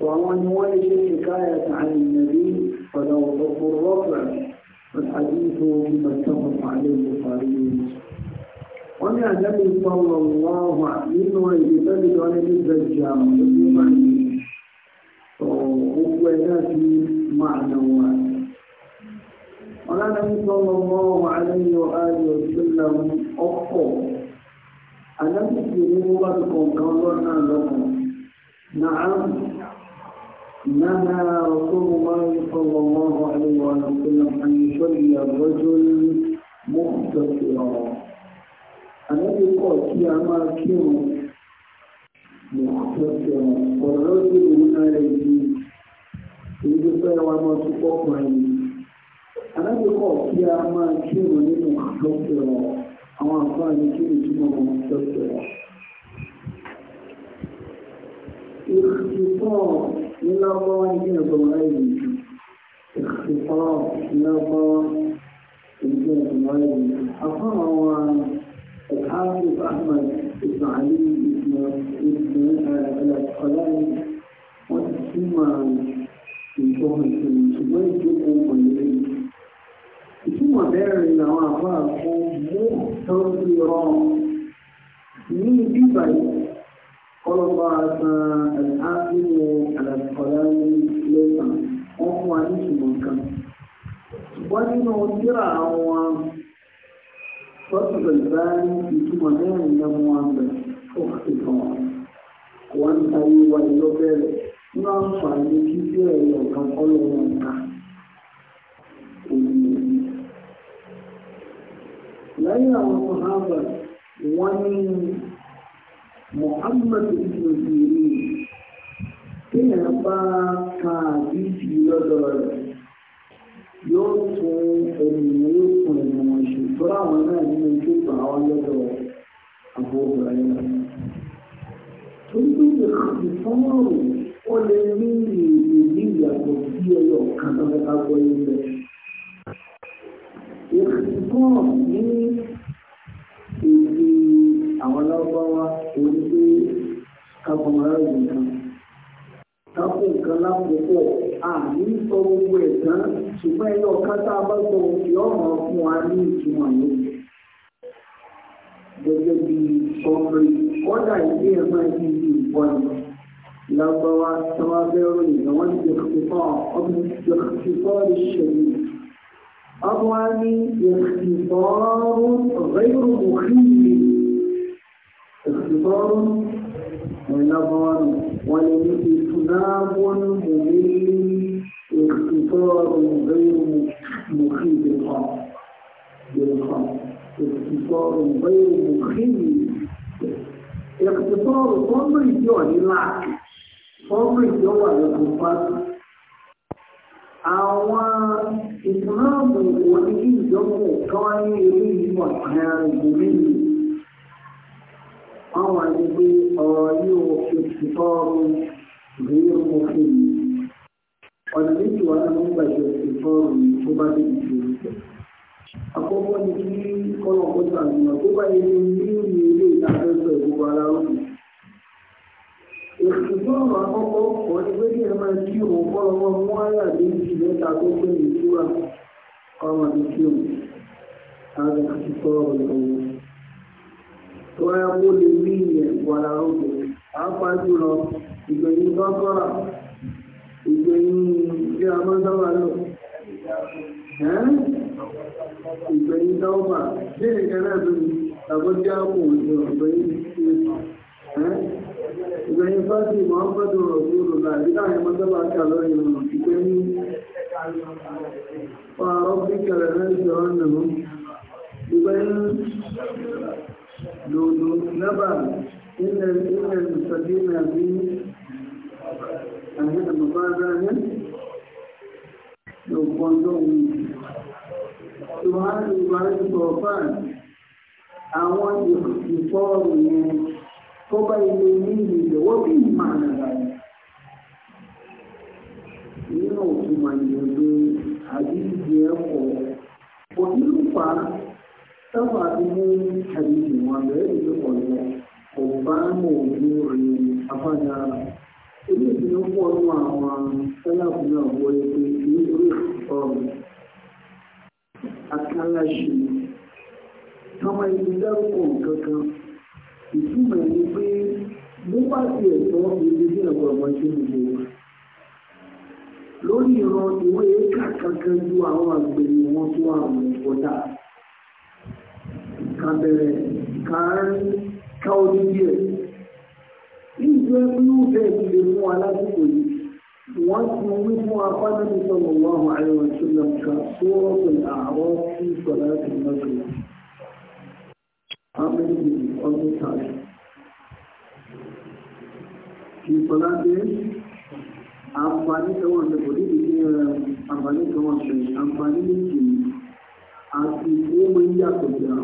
ومن ولد حكاية عن النبي فلو حكم الرفع فالحديث مما اتفق عليه البخاري ومن النبي صلى الله عليه وسلم ذلك عن الدجال وهو ذات معنى واحد ọlọ́dún sọ́mọ mọ́ wà nínú ayò ìṣúná ọkọ̀ alábìsí ní wọ́n bá tó kọ̀ọ̀kan lọ́nà lọ́kàn náà نهى رسول الله صلى الله عليه وسلم أن يصلي الرجل مختصرا النبي قال في أماكن مختصرا والرجل هنا يجي يجي فيها وما تقوم عليه alábìkọ̀ kí a máa kírun nínú àtọ́kẹ̀rọ àwọn àfáàní kí ni túmọ̀ wọn tọ́kẹ̀rọ. Ìkìtọ́ ní lọ́wọ́ ní ẹ̀bọ̀n láìní. Ìkìtọ́ ní lọ́wọ́ ní ẹ̀bọ̀n láìní. Àfáà wa الحافظ أحمد بن علي بن ابن الأسقلاني وتسمى في شهر سنة ويجب أن ìtumọ̀ mẹ́rin làwọn àbá fún mú tọ́jú rọ ní bíbà yìí kọlọ́pàá san àdínwó àlàkọ̀lá lẹ́sàn wọ́n fún wa ní ìtumọ̀ nǹkan. ṣùgbọ́n nínú jíra àwọn tọ́jú bẹ̀rẹ̀ ní ìtumọ̀ mẹ́rin lẹ́mú wa bẹ̀rẹ̀ fún ìtàn wọn. wọ́n ń ta yíwa ìlọ́bẹ̀rẹ̀ nínú àǹfààní kíkẹ́ ẹ̀yọ̀ kan kọ́lọ́ wọn ká. lẹ́yìn àwọn sọ̀hábà wọ́n ní Muhammad ibn Sirin kéèyàn bá ka àdìsí lọ́dọ̀ rẹ̀ yóò tún ènìyàn yóò tún ènìyàn ṣe tó láwọn náà nínú tó gbà wọ́n lọ́dọ̀ àbúrò rẹ̀ torí pé ìfọ́nrán ó sí ẹyọ kan tó fẹ́ gbọ́ yín bẹ́ẹ̀ ìkọ́ ní èdè àwọn lọ́gbọ́wá orí pé kagbọ̀nmọ́ra yìí nǹkan kápò nǹkan lákòókò àní sọ gbogbo ẹ̀ tán ṣùgbọ́n ẹ̀yọ́ kátà bá sọ yọ ọ̀rọ̀ fún wa ní ìtumọ̀ yìí máa ń di wọ́n bẹ́ẹ̀ ròyìn àwọn ìjọba ọmọ ìjọba ìṣẹ̀lẹ̀. أطواني اختصار غير مخيف اختصار ونظر ولم إتناب مبين اختصار غير مخيف بالخاص اختصار غير مخيف اختصار صبر يعني العقل صبر يعني الكفار àwọn ìsìláàmù oníkí ìjọpọ̀ káwá ní ilé ìwà ààrùn mímu àwọn àdìgbé ọ̀rọ̀ yóò fi ìfọ́ọ̀rù rí òfin ọ̀nà méjì wà láwọn gbàjọ ìfọ́ọ̀rù tó bá dé ìjọ àkọ́kọ́ ni kí kọ́nà kọ́ta àgbà tó bá yẹ ní ilé ìlú ilé ìdájọ́ ìgbòho èsì tó ń wà kọ́kọ́ kọ́ ni pé kí ẹ máa kí òun fọ́lọ́wọ́ mú àyà méjì mẹ́ta tó pé ní ọmọ àti tó kó lè rí ìyẹn ìgbẹ̀yìn ìgbẹ̀yìn bí a máa dáwà lọ ìgbẹ̀yìn dáwà bí náà tó ní àpò ìgbẹ̀yìn ìgbẹ̀yìn fásitì Muhammadu Rasulullah ìdílá àwọn mọ́tọ́bà kàlọ́ ìrìnà ìgbẹ́ ní pààrọ̀ píkẹ̀rẹ̀ ẹ̀ṣọ́ ọ̀nàmú ìgbẹ̀yìn lòdò lẹ́bà ilẹ̀ ìsàdínà bí àwọn àmàbára rẹ̀ lọ́pọ̀ Àwọn ìfọ́rùn-ún tó bá ilé ní ìlú wọ́n bí ìmọ̀ àgbà nínú òtún máa ń yọjú àbí ìdí ẹ̀kọ́ òní ló fà á sábà ti mú àbí ìwọ̀n àbẹ̀rẹ̀ ìlú ọ̀yọ́ kò bá mọ̀ ojú rẹ̀ afájà ilé ìdílé pọ̀ nínú àwọn sẹ́láàbù náà wọlé pé kì í rí ọ̀rọ̀ akáláṣe tọ́mọ ìdílé pọ̀ kankan ìtumọ̀ ni pé nípa ti ẹ̀tọ́ ibi tí ẹ̀kọ́ ọmọ ṣe ń gbé lórí ìran ìwé éka kankan ju àwọn àgbèrè wọn tó àwọn ìfọdà kàbẹ̀rẹ̀ kàárín káwọn díẹ̀ níjọ inú bẹ́ẹ̀ ti lè mú alásìkò yìí wọ́n ti wí fún apá nínú sọ̀rọ̀ wọn àwọn àìrànṣẹ́lẹ̀ kan tó rọ̀ àwọn tí sọ̀rọ̀ láti mọ́tò How many minutes on the time? Kì í sọlá dé, àǹfààní kan wà ní kòrí ìdí àǹfààní kan wà ṣe, àǹfààní méjì àti owó yàtọ̀ jà.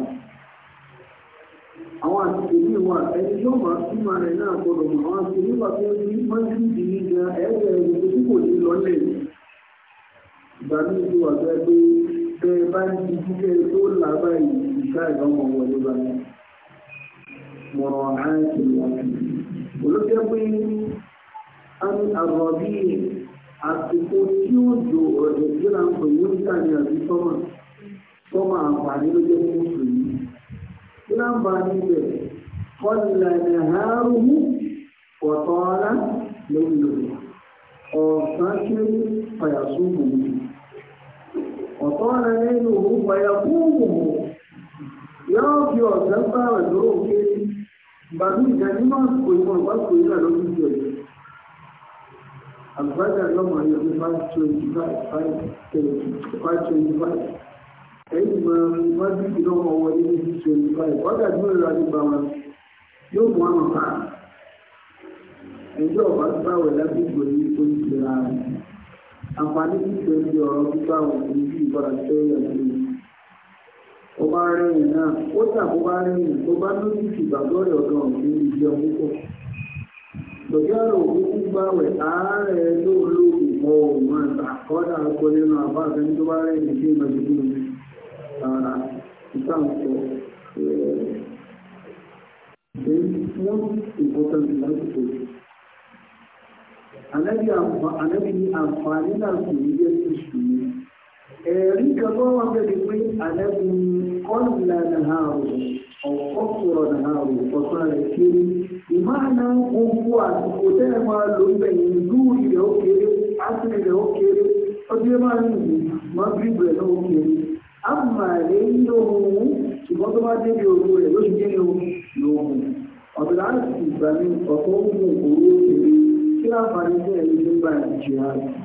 Àwọn àtìkè ní ìwà ẹni yóò máa túmọ̀ rẹ̀ náà gbọdọ̀ mọ̀ àwọn àti nígbà tó ní mọ́sídìí ní gan ẹ̀ẹ́dẹ̀ ẹ̀rù tó kò ní lọ́lẹ̀. Ìgbà ní ìlú àgbẹ̀ pé bẹ́ẹ̀ bá ń di jíjẹ́ tó مراعاة الوقت olóṣẹ́ pé àrọ̀bí àsìkò tí ó jò ọ̀rẹ́ tí ó ń pè ní ìtàní àti sọ́mà sọ́mà àǹfààní ló jẹ́ fún mùsùlùmí tí ó ń bá kọ́nìlà lórí rẹ̀ ọ̀sán lẹ́nu òun yóò fi ọ̀sẹ̀ gbá rẹ̀ lóró kéré bàbí ìdájí náà kò ìmọ̀ ìwáṣọ ìlà lórí ìjọ rẹ̀ àgbàdà lọ́mọ yẹn ní five twenty five five twenty five twenty five ẹ̀yìn máa ń wájú ìdílé ọmọ wọlé ní six twenty five ọ̀dà tí ó rà nípa wọn yóò mú àwọn pa ẹjọ́ ọ̀bá báwọ̀ lábẹ́gbẹ̀ ní oṣù rẹ̀ àǹfààní ìfẹ́ ti ọ̀rọ̀ gbígbà wọn ní ó bá rẹ̀yìn náà ó tàbó bá rẹ̀yìn tó bá lórí ìgbàgbọ́ rẹ̀ ọ̀dọ̀ ọ̀gbìn ìjẹun púpọ̀ lọ́jọ́rọ̀ òkúkú bá wẹ̀ ààrẹ ló lóògùn mọ́ òun àkọ́dà ọkọ̀ nínú àbáfẹ́ tó bá rẹ̀ ní sí ìmọ̀júgbù ara ìtàǹkọ́ wọ́n ìbọ̀tàn ìlàkùkù ànábì àǹfààní náà kò ní jẹ́ sí ìṣùnú ẹ̀rí kan tó wọ́n bẹ̀rẹ̀ pé àlẹ́bùn kọ́nùlá nàárò ọ̀pọ̀pọ̀rọ̀ nàárò ọ̀sán rẹ̀ kéré ìmáàna gbogbo àsìkò tẹ́lẹ̀ máa lò ń bẹ̀yìn ìlú ilẹ̀ ó kéré ásìlẹ̀ ilẹ̀ ó kéré ọdún máa ń rìn máa bí ìbẹ̀rẹ̀ náà ó kéré àmà rẹ̀ ń lò ó ṣùgbọ́n tó bá débi òru ọ̀pọ̀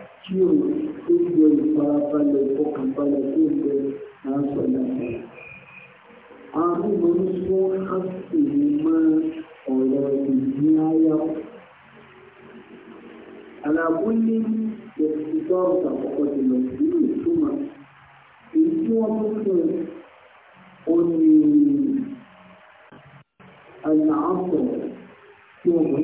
tí ó tó yọ ìfarabalẹ̀ ìfọkànbalẹ̀ tó ń bẹ náà sọ yàtọ̀. Àwọn ìmọ̀lú tí wọ́n ká sì ní máa ọ̀rọ̀ ìdí ayá. Àlàbúlé ìgbà ọ̀tà àkọ́kọ́ ti lọ nínú ìtumọ̀. Èyí tí wọ́n tó fún ọ ní àlàáfọ̀ tí wọ́n mọ̀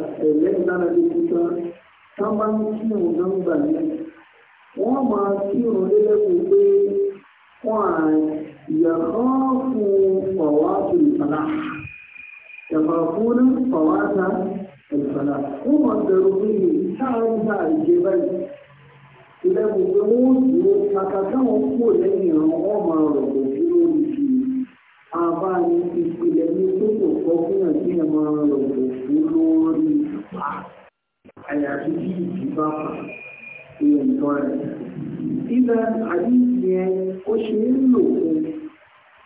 àtẹ̀lẹ́ ìlànà lè kúta tá bá ń kí òun náà ń gbà ní. wọ́n máa kí òun lélẹ́kùn pé wọ́n á yàrá fún ọ̀wá tó ìfàlà yàrá fún ọ̀wá tá ìfàlà wọ́n máa bẹ̀rù pé táwọn ń bá ìjẹ báyìí. ìlẹ́kùn pé wọ́n ó dúró kàkà táwọn kúrò lẹ́yìn ìrànwọ́ máa tí ìdí bá fà èèyàn tán rẹ̀. Ìlà àdìsí yẹn ó ṣe ń lò fún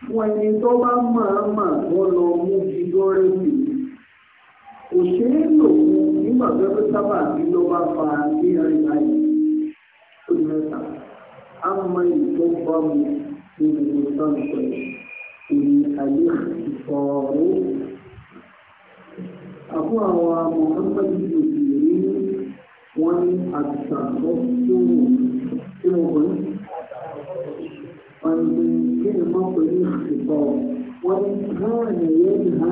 fún ẹni tó bá máa mà wọ́n lọ mú bí lọ́rẹ́ sí. Kò ṣe ń lò fún nígbà tó bá sábà bí lọ́ bá fa ní ẹ̀rìnà yìí tó mẹ́ta. A mọ ìtọ́ bá mu nínú ìtàn ìpẹ̀lẹ̀. Ìrìn àyè ìfọ̀ọ̀rọ̀. Àbúrò àwọn Muhammad wọ́n ní àtàkọ́ tí wọ́n tí wọ́n kọ́ ní ọ̀nà kí ni wọ́n pè ní ìpọ̀ wọ́n ní káwọn ẹ̀yẹ́ ti há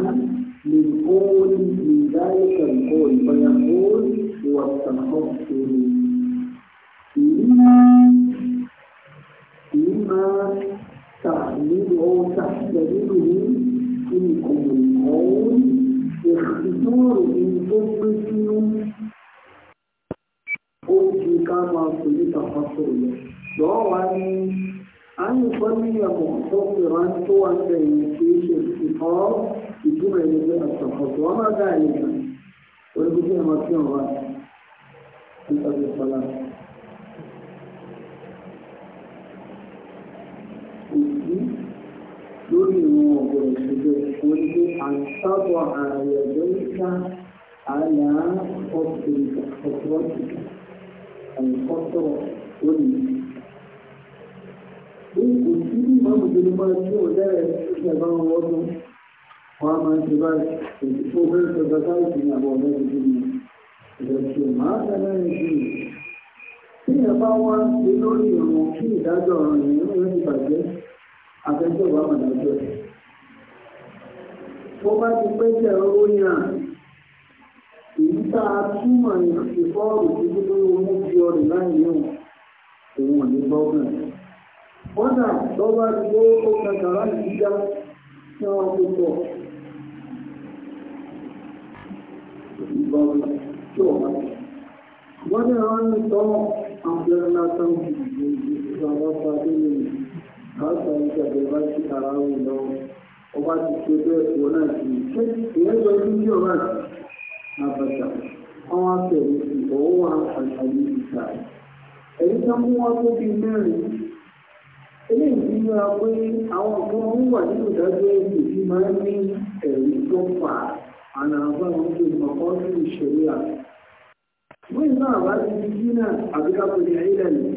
lè kó ní ìdáyé kẹ̀kọ́ ìpẹ̀yà kó ìwà àtàkọ́ tó ní. Èyí èyí máa tà nínú ọwọ́ tà nínú ní kí ni kò mọ̀ ọ́ ìṣòro ìgbógbé sínú ó ju ká máa pè ní tàfàṣọ lọ lọ́wọ́ wa ní a ń sọ ní ẹ̀kọ́ tó fi rán tó wà ń bẹ̀rẹ̀ kì í ṣe ìfọ́ ìtumọ̀ ẹni pé àtàkọ̀tọ̀ wọn máa dá ẹ̀yẹ kan orí bí ẹ̀ máa fi hàn wá nípa ti sọlá. Òsì lórí ìwọ̀n ọ̀gbọ̀n ìṣẹ̀lẹ̀ wọ́n ní àtàbọ̀ ààrẹ ẹ̀jẹ̀ ń ká àlà ọ̀pọ̀ ìgbà àyíkọ́tọ̀ lónìí. tó ní tí ó wá ń lórí ìrùn kí ìdájọ́ ọ̀ràn ìrìn rẹ̀ ti bàjẹ́, àfẹ́jọ́ wà mọ̀ dájọ́. Tó bá ti pẹ́ jẹ́ owó yàn èyí tá a túmọ̀ ìfọ́ọ̀rù títí tó mú fi ọ̀rẹ́ láì yẹn òun ò ní bọ́ọ̀gàn kọ́dà lọ́wọ́ ti ó ó kẹta láti jíjá ní wọn tó pọ̀ ìbọ̀rù tí ó wà wọ́n ní àwọn ń tọ́ àbẹ̀rẹ̀ látàn ìgbàlọ́ pàdé lè káàkà ìjàdẹ̀ bá ti ara rẹ̀ lọ ọba ti ṣe bẹ́ẹ̀ wọ́n náà ti ṣe ìyẹn jọ sí ọba àbàtà àwọn àtẹ̀wé ìbọ̀wọ́ wa àtàlẹ́ ìta ẹ̀yí tó mú wá tó bíi mẹ́rin eléyìí ti yára pé àwọn nǹkan ń wà nínú ìdájọ́ èdè tí máa ń ní ẹ̀rí tó fà àná àbáwọn tó mọ̀kọ́ sí ìṣẹ̀lẹ̀ àti wọ́n iná àbá ti fi sí náà àbíkápò ní ilẹ̀ ní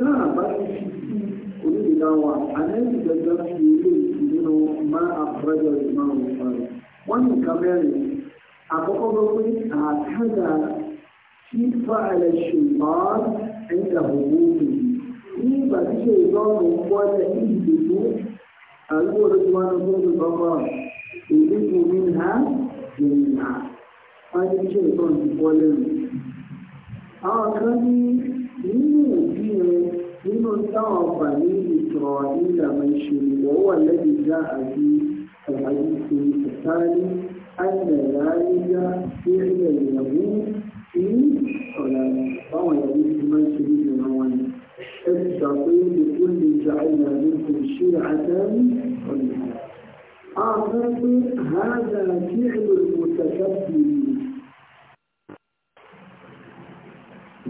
náà àbá ti fi sí onídìlá wa àlẹ́yìn gbẹgbẹ́ fi ilé ìtìlú náà máa àpẹẹrẹ ìmáà wọn ní nǹkan àkọ́kọ́ gbọ́ pé àtàdà fífa ẹ̀rẹ̀ ṣùgbọ́n ẹ̀yà òwò òkè ní ìgbà tí ṣe ìlọ́run pọ́lẹ̀ ìdìbò àlúwò ló ti máa ń gbọ́ pé kọ́kọ́ èdè kò ní ha jìnnà wọ́n ti ṣe ìlọ́run ti pọ́lẹ̀ rẹ̀. àwọn kan ní nínú òbí rẹ̀ nínú táwọn ọgbà ní ìtọ̀ ìlànà ìṣèlú wọ́wọ́ lẹ́yìn já àti àyíkú ìtàlẹ́ أن ذلك فعل اليهود في صلاة فهو يهود من شريك الهوان استقيم لكل جعلنا منكم شرعة أعتقد هذا فعل المتكبر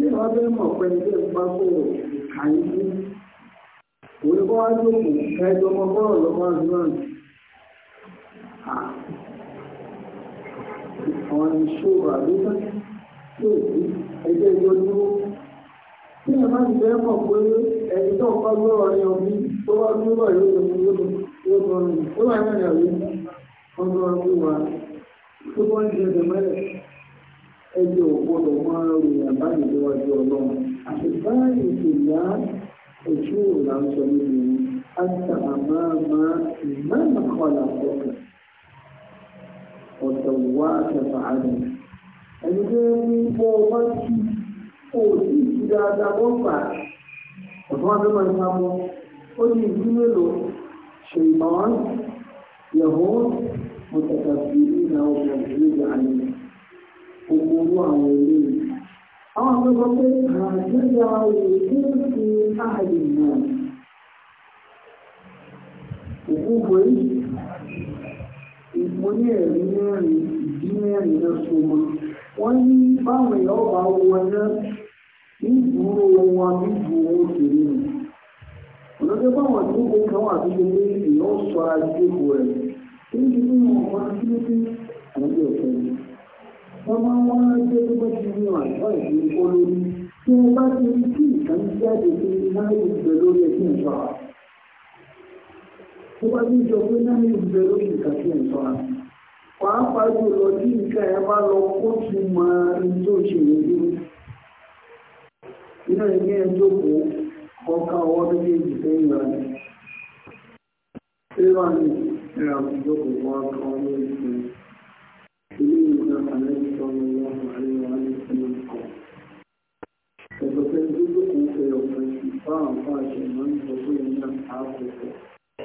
ní ọdún mọ̀ pẹ̀lú ìpapò àìsí orúkọ wájú kù ẹjọ́ ọmọ bọ́ọ̀lù ọmọ àwọn ìṣòro àdúgbò tó èyí ẹgbẹ́ ìjọ dúró. Bí ẹ máa ń fẹ́ mọ̀ pé ẹni tó ń bá gbọ́rọ̀ ní ọbí tó bá dúró yóò lè mú yóò yóò tọ́ ní. Ó wà ní ìyàwó wọn tó ń wá tó bọ́ ní ẹsẹ̀ mẹ́rẹ̀. Ẹgbẹ́ òpótò máa ń ròyìn àbáyé níwájú ọlọ́run. Àṣìbáyé ìyá ìṣòro là ń sọ nínú àtàmàmà ìmọ̀nà kọlà ọ̀kàn ọ̀tẹ̀ wá kẹfà àdì ẹni tó ń bọ́ ọmọ tí kò sí ìtú dáadáa wọ́n fà ọ̀tún wá mẹ́mọ̀ nípa mọ́ ó ní ìlú mélòó ṣe ìmọ̀ràn yẹ̀wò ọ̀tẹ̀tẹ̀ sí ìlà ọ̀gbọ̀n ìlú àná gbogbo orú àwọn ilé rẹ̀. àwọn akẹ́kọ̀ọ́ pé àjọyọ̀ òkú ti ààyè náà òkú bọ̀ yìí mo ní ẹ̀rí mẹ́rin ìdí náà so mọ́ wọ́n ní báwọn èèyàn ọba wọn náà níbúrò wọn níbù owó tèmi nù ọ̀nàdé báwọn àdúgbò kan wà tó ṣe pé èèyàn sọ àdúgbò rẹ̀ níbi tí wọn kọ́ sí pé àbí ọ̀fẹ́ ni wọ́n máa wọ́n rántí tó bá ti yan àgbá ìlú olórí tí wọ́n bá ti rí kí ìkànnì jáde pé láyé ìgbẹ́ lórí ẹ̀sìn ìṣọ́ra tó bá ní jọ pé náà ní ìgbẹ́ lórí nǹkan tí ẹ̀ ń sọ́ra pàápàá jùlọ tí nǹkan ẹ bá lọ kó tún mọ ẹni tó ṣe lójú iná ẹgbẹ́ ẹ jókòó ọkà ọwọ́ méjèèjì sẹ́yìn rà ní ìrọ̀ ní ìrà ìjókòó wọn kan ní ìsìn ilé ìgbà àlẹ́yìn sọ́nà wọn àlẹ́ wọn ní ìsìn kan ẹ̀sọ̀tẹ́ jókòó fẹ́ ọ̀fẹ́ sí fáwọn máa ń sọ pé ní àkókò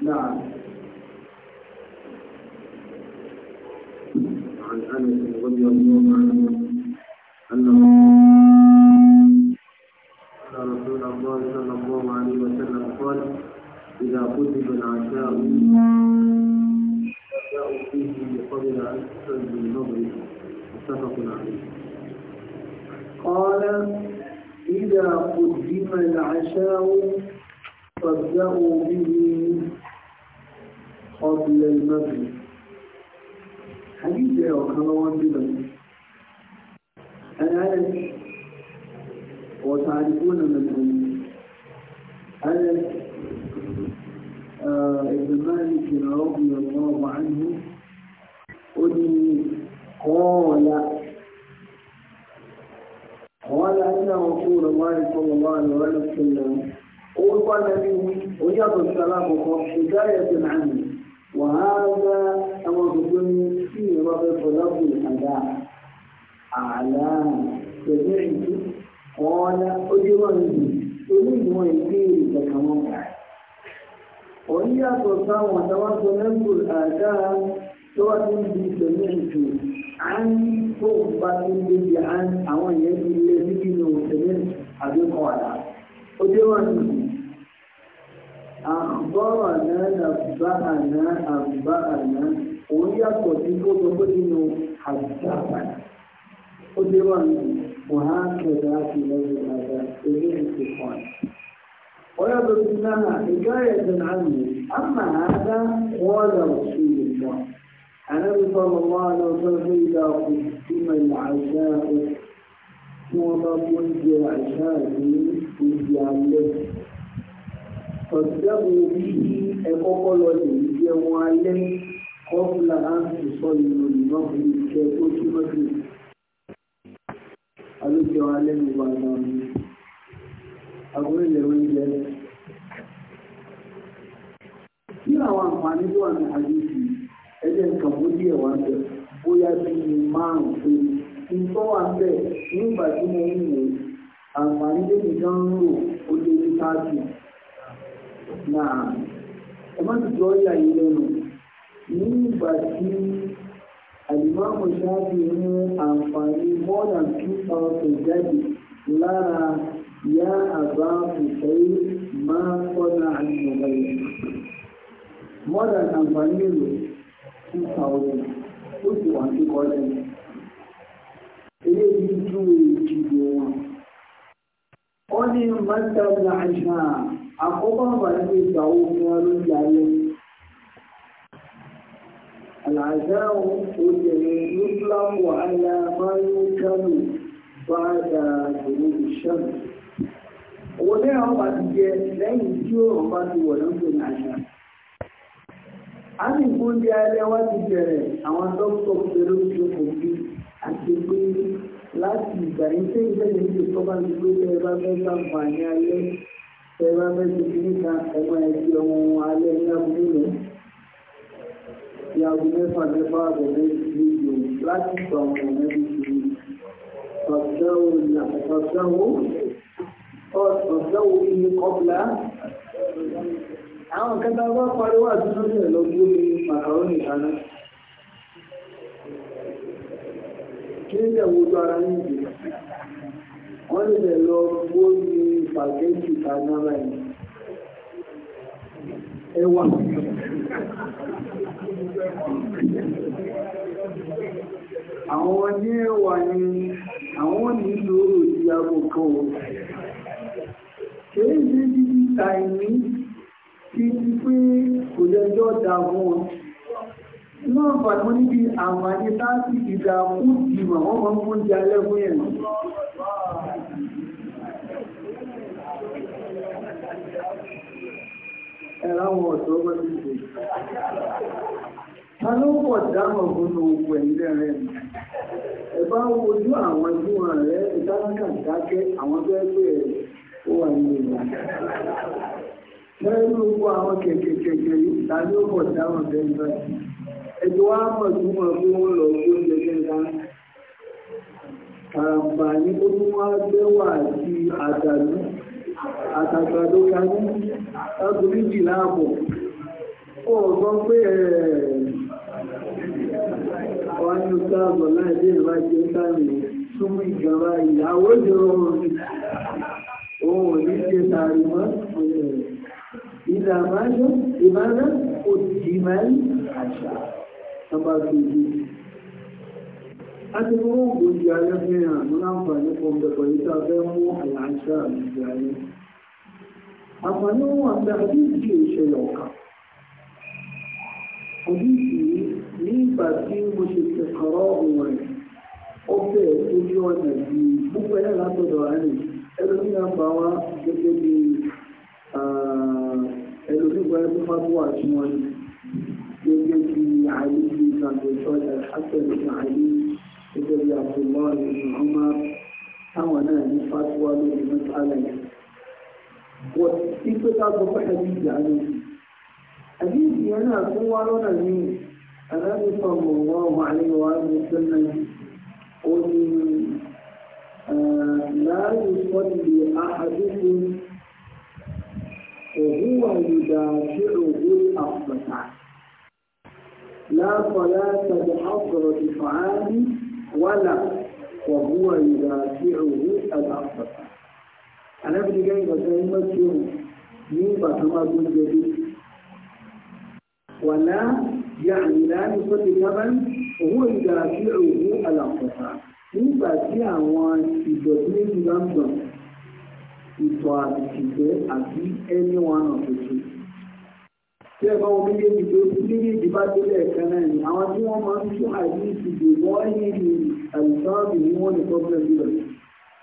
نعم عن انس رضي الله عنه انه ان رسول الله صلى الله عليه وسلم قال اذا كتب العشاء فجاءوا فيه قبل ان تصلي المغرب متفق عليه قال إذا قدم العشاء فابدأوا به قبل المغرب حديث وان جدا انا الألف وتعرفون من ألف آه، ابن مالك رضي الله عنه أني قال قال أن رسول الله صلى الله عليه وسلم أوصى به وجاب السلام وقال حكاية عنه وهذا أمر الدنيا في ربط لفظ الأداء أعلى سمعت قال أجرا أريد ويطير كموقع وإياك صار تواصل نفس الآداء سواء سمعت عن صحبة بدعا أو يجب الذي سمعت أبي قال أجرا àbọ̀rànà àbáhànà àbáhànà òun yàtọ̀ sí tó sọ pé nínú àbáhànà ó dé wà ní mọ̀hákẹ́dà àti lẹ́yìn àgbà eléyìí ti pọ̀ ويضرب لها حكاية عنه أما هذا ولا رسول الله النبي صلى الله عليه وسلم إذا قسم العشاء وما قلت العشاء في الجنة ọ̀sẹ̀wò bíi ẹ̀kọ́kọ́ lọ lè jẹ́ wọn alẹ́ kọ́fúlà áńtì sọ ìlú ìná fún ìṣẹ́ tó túmọ̀ sí alójẹ wọn alẹ́ ní wà náà ní àkúrẹ́ ilẹ̀ oúnjẹ rẹ̀. Bí àwọn àǹfààní tó wà ní àdéhùn ẹgbẹ́ nǹkan mú díẹ̀ wá bẹ̀rẹ̀ bóyá bíi márùn-ún pé nǹkan wà bẹ́ẹ̀ nígbà tí mo ń wò àǹfààní lè ní dánrò ó lé ní táàbì náà ẹ má ti jọ ìyá yìí lẹ́nu ní ìgbà tí àlìmáàmù ṣáàbì mú àǹfààní more than two thousand jáde lára ìyá àbá òṣèré máa ń kọ́nà àyìnbá yìí more than àǹfààní èlò two thousand ó sì wà ní kọ́lẹ̀ eléyìí tún èyí ti wọn ó ní mọ́tàlá àṣà àkọ́kọ́ bàtí ìgbàwó fún ọ lórí ayé àlàáṣà òjèrè lókùláwò àyà máyó kánò bá dà lórí ìṣẹ́lẹ̀ owó ní àwọn bá ti jẹ lẹ́yìn tí ó rọ̀ bá ti wọ̀ lọ́pọ̀ àṣà a sì fún alẹ́ wá ti bẹ̀rẹ̀ àwọn dókítà pẹ̀lú ìṣòfò àti pé láti ìgbà yìí tí ìgbà yìí ti kọ́ bá ti gbé tẹ́ ẹ bá fẹ́ gbàǹfà ní alẹ́ tẹ́ ẹ bá fẹ́ ti fi níta ẹ̀wọ̀n ẹ̀dí ọmọ alẹ́ ní abúlé lọ. Ìyàwó mẹ́fà mẹ́fà àbọ̀ mẹ́rin ti lè lò láti ìgbà ọ̀pọ̀ mẹ́rin ti lè. Ọ̀sẹ̀wò ní kọ́pìlá. Àwọn kẹta wá pariwo àti lórí ẹ̀ lọ bí ó ní màkàrónì kaná. nílẹ̀ wo tó ara yìí dì wọ́n nílẹ̀ lọ wó ní pàgẹ́tì kanára yìí ẹwà àwọn ní ẹwà ni àwọn nílò òdí aago kan o kìí ṣe títí tàìmí títí pé kò lẹ́jọ́ da fún ọ náà pàtó níbi àǹfààní táàkì ìdá fún ìmọ̀ wọ́n mọ́ fún jẹ alẹ́gún yẹn ẹ̀ráwọn ọ̀tọ́ wọ́n ti ṣe ta ló pọ̀ dámọ̀ fún ogun ẹ̀lẹ́ rẹ̀ ẹ̀bá ojú àwọn ẹjú wọn rẹ̀ ìdárákà dákẹ́ àwọn bẹ́ẹ̀gbẹ́ ó wà ní ìlú lẹ́yìn gbogbo àwọn kẹ̀kẹ̀kẹ̀kẹ̀ yìí ta ló pọ̀ dámọ̀ bẹ́ẹ̀ ẹjọ́ wá mọ̀ tí mọ̀ pé wọ́n lọ sí oúnjẹ kẹta àràǹfà ní ó tún wá gbẹ́wà àti àtàlú àtàgbàdo kaní ọdún méjì láàbọ̀ ó sọ pé wọ́n ní sáàbọ̀ láìdé ìwájú sáàmì súnmọ́ ìjọba ìyàwó ìjọba òun ní ṣe tààrí mọ́ ìdàmájọ́ ìmáná òtìmáì àṣà sábà gbèjì àti mú ògbò ìjì ayé fi hàn mú láǹfààní kan bẹ̀rẹ̀ yìí tá a fẹ́ mú àyànṣá ìjì ayé àǹfààní wọn àti àdíjì ìṣẹ̀lẹ̀ ọ̀kan àdíjì ní ìgbà tí mo ṣe kẹkọrọ ọ̀hún rẹ̀ ó fẹ́ ojú ọ̀nà bí gẹ́gẹ́ bí àyè ìgbàgbọ́sọ ìdásásẹ̀lẹ̀ àyè gẹ́gẹ́ bí àbúlọ́ ìrìnàmá táwọn náà ní fásitì lórí mẹ́tàlẹ̀. wọ́n ti pé ká gbọ́ pé ẹbí ìyá ni ẹbí ìyá náà tún wá lọ́nà ní ẹ̀rẹ́bí sọ̀rọ̀ wọn wà ní wà ní sílẹ̀ ó ní láàyè sọ́ọ̀lì àhàdúgbò òhun wà ní ìdá ṣé òhun àpàtà. لا صلاة بحصر الفعال ولا وهو يدافعه الأخطر أنا بدي جاي بسيمة يوم مين بسمى دون جديد ولا يعني لا يصلي كمان وهو يدافعه الأخطر nígbà tí àwọn ìdọ̀tí méjì bá ń gbọ̀n ìtọ̀ àti ìgbẹ́ àti ẹni wọn náà tuntun tí ẹ bá wọn méjèèjì tó méjèèjì bá délẹ̀ kan náà ni àwọn tí wọ́n máa ń tún àìsí ìdìbò wọ́n ní ìlú àìsàn ni wọ́n ní problem lọ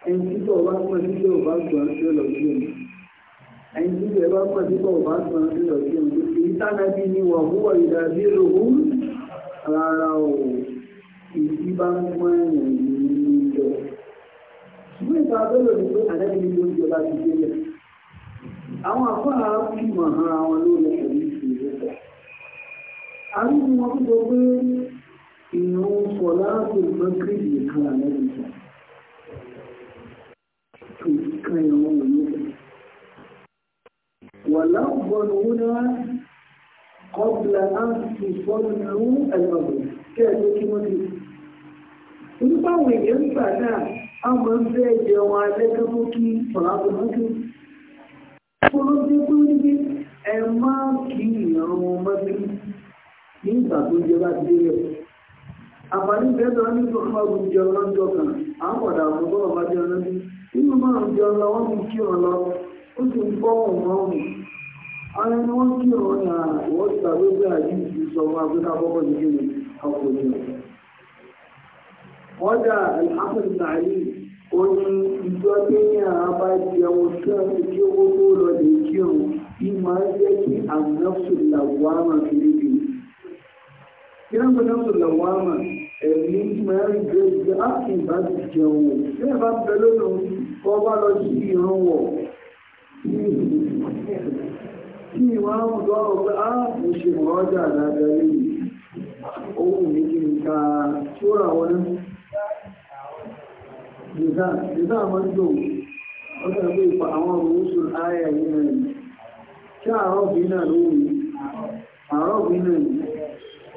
ẹni tí bọ̀ bá pọ̀ sí bọ̀ bá gbọ̀n sí ọ̀lọ́ sí ẹni ẹni tí bọ̀ bá pọ̀ sí bọ̀ bá gbọ̀n sí ọ̀lọ́ sí ẹni èyí tánà bí ni wà wúwọ̀ ìdàbí lòun rárá o ìdí bá ń pọ́n ẹ̀yìn ní ìjọ ṣùgbọ́n ìta abẹ́rẹ́ ni pé àdẹ́bí ni ó ń jọba ti délẹ̀ àwọn àfọ́ àwọn fi mọ̀ hàn àwọn ló àríwú wọn tó pé ìrún sọ láàpò mọ́kìrì nìkan àmẹ́ríkà tó kan ìrún òní wà láwùgbọ́n òun náà kọ́bùlà náà ti fọ́nù ìrún ẹ̀lọ́gbọ̀n kí ẹ̀ tó kí wọ́n ti nígbàwọ̀ èèyàn nígbà náà a máa ń fẹ́ jẹun alẹ́gbẹ́ mú kí ọ̀làbò mọ́kì olóògbé pé ó ní ẹ má kí ìrún mọ́kì nígbà tó jẹ bá ti délẹ̀ àǹfààní bẹ́ẹ̀ ní tó máa gùn jẹ kan àpọ̀dà àwọn bọ́ọ̀ bá jẹ ọlọ́jọ́ nínú máa ń jẹ ọlọ́ wọn mú kí ọ lọ ó sì ń bọ́ wọn mọ́ wọn ara ni wọ́n kí ọ ní àwọn ìgbàgbé bí àyè ìlú sọ wọn agbẹ́ká bọ́kọ̀ ní kíni ọkọ̀ ní ọ̀sẹ̀ ọjà ìhàpẹ̀lẹ̀ àyè oní ìjọ pé ní àbá jẹun tí a ti tó lọ lè kí ìmọ̀ ẹgbẹ́ kí àmì náà fi làwọn àmà fi lè kí ló ń gbé náà lọ wá mà ẹ̀mí máa ń gbé gbé á kì í bá ti jẹun wò bí ẹ bá bẹ lónà kọ́ bá lọ sí ìran wọ̀ kí ìwà ń gbọ́ ọ pé á mo ṣe mọ̀ ọjà dáadáa lẹ́yìn ohun mi kì í ka ṣúra wọn náà nígbà máa ń dùn ọjọ́ ìgbé ipa àwọn òwúṣù ayẹyẹ náà ṣáà àárọ̀ bí náà lóhùn àárọ̀ bí náà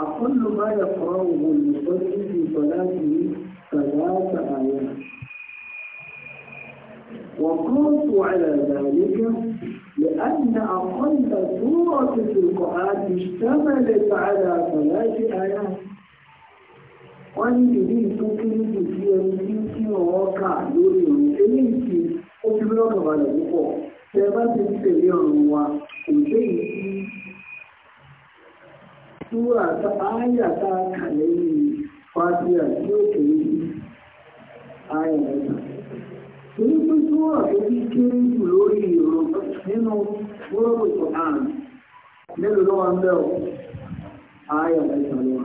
أقل ما يقرأه المصلي في صلاته ثلاث آيات وقمت على ذلك لأن أقل سورة في القرآن اشتملت على ثلاث آيات wọ́n ní ìdí tó kéré jù sí ẹni tí kí kà lórí ọ̀run eléyìí tí ó fi lọ́kàn balẹ̀ púpọ̀ tẹ bá ti tẹ̀lé ọ̀run wa kò séyìí tí súrà áyà tá a kà lẹ́yìn fásíà tí ó kéré jù áyà mẹ́ta torí pé súrà tó bí kéré jù lórí ìrọ̀ nínú gbọ́rọ̀ ìkọ̀hán mélòó lọ́wọ́ ń bẹ̀ ọ́ áyà mẹ́ta lọ́wọ́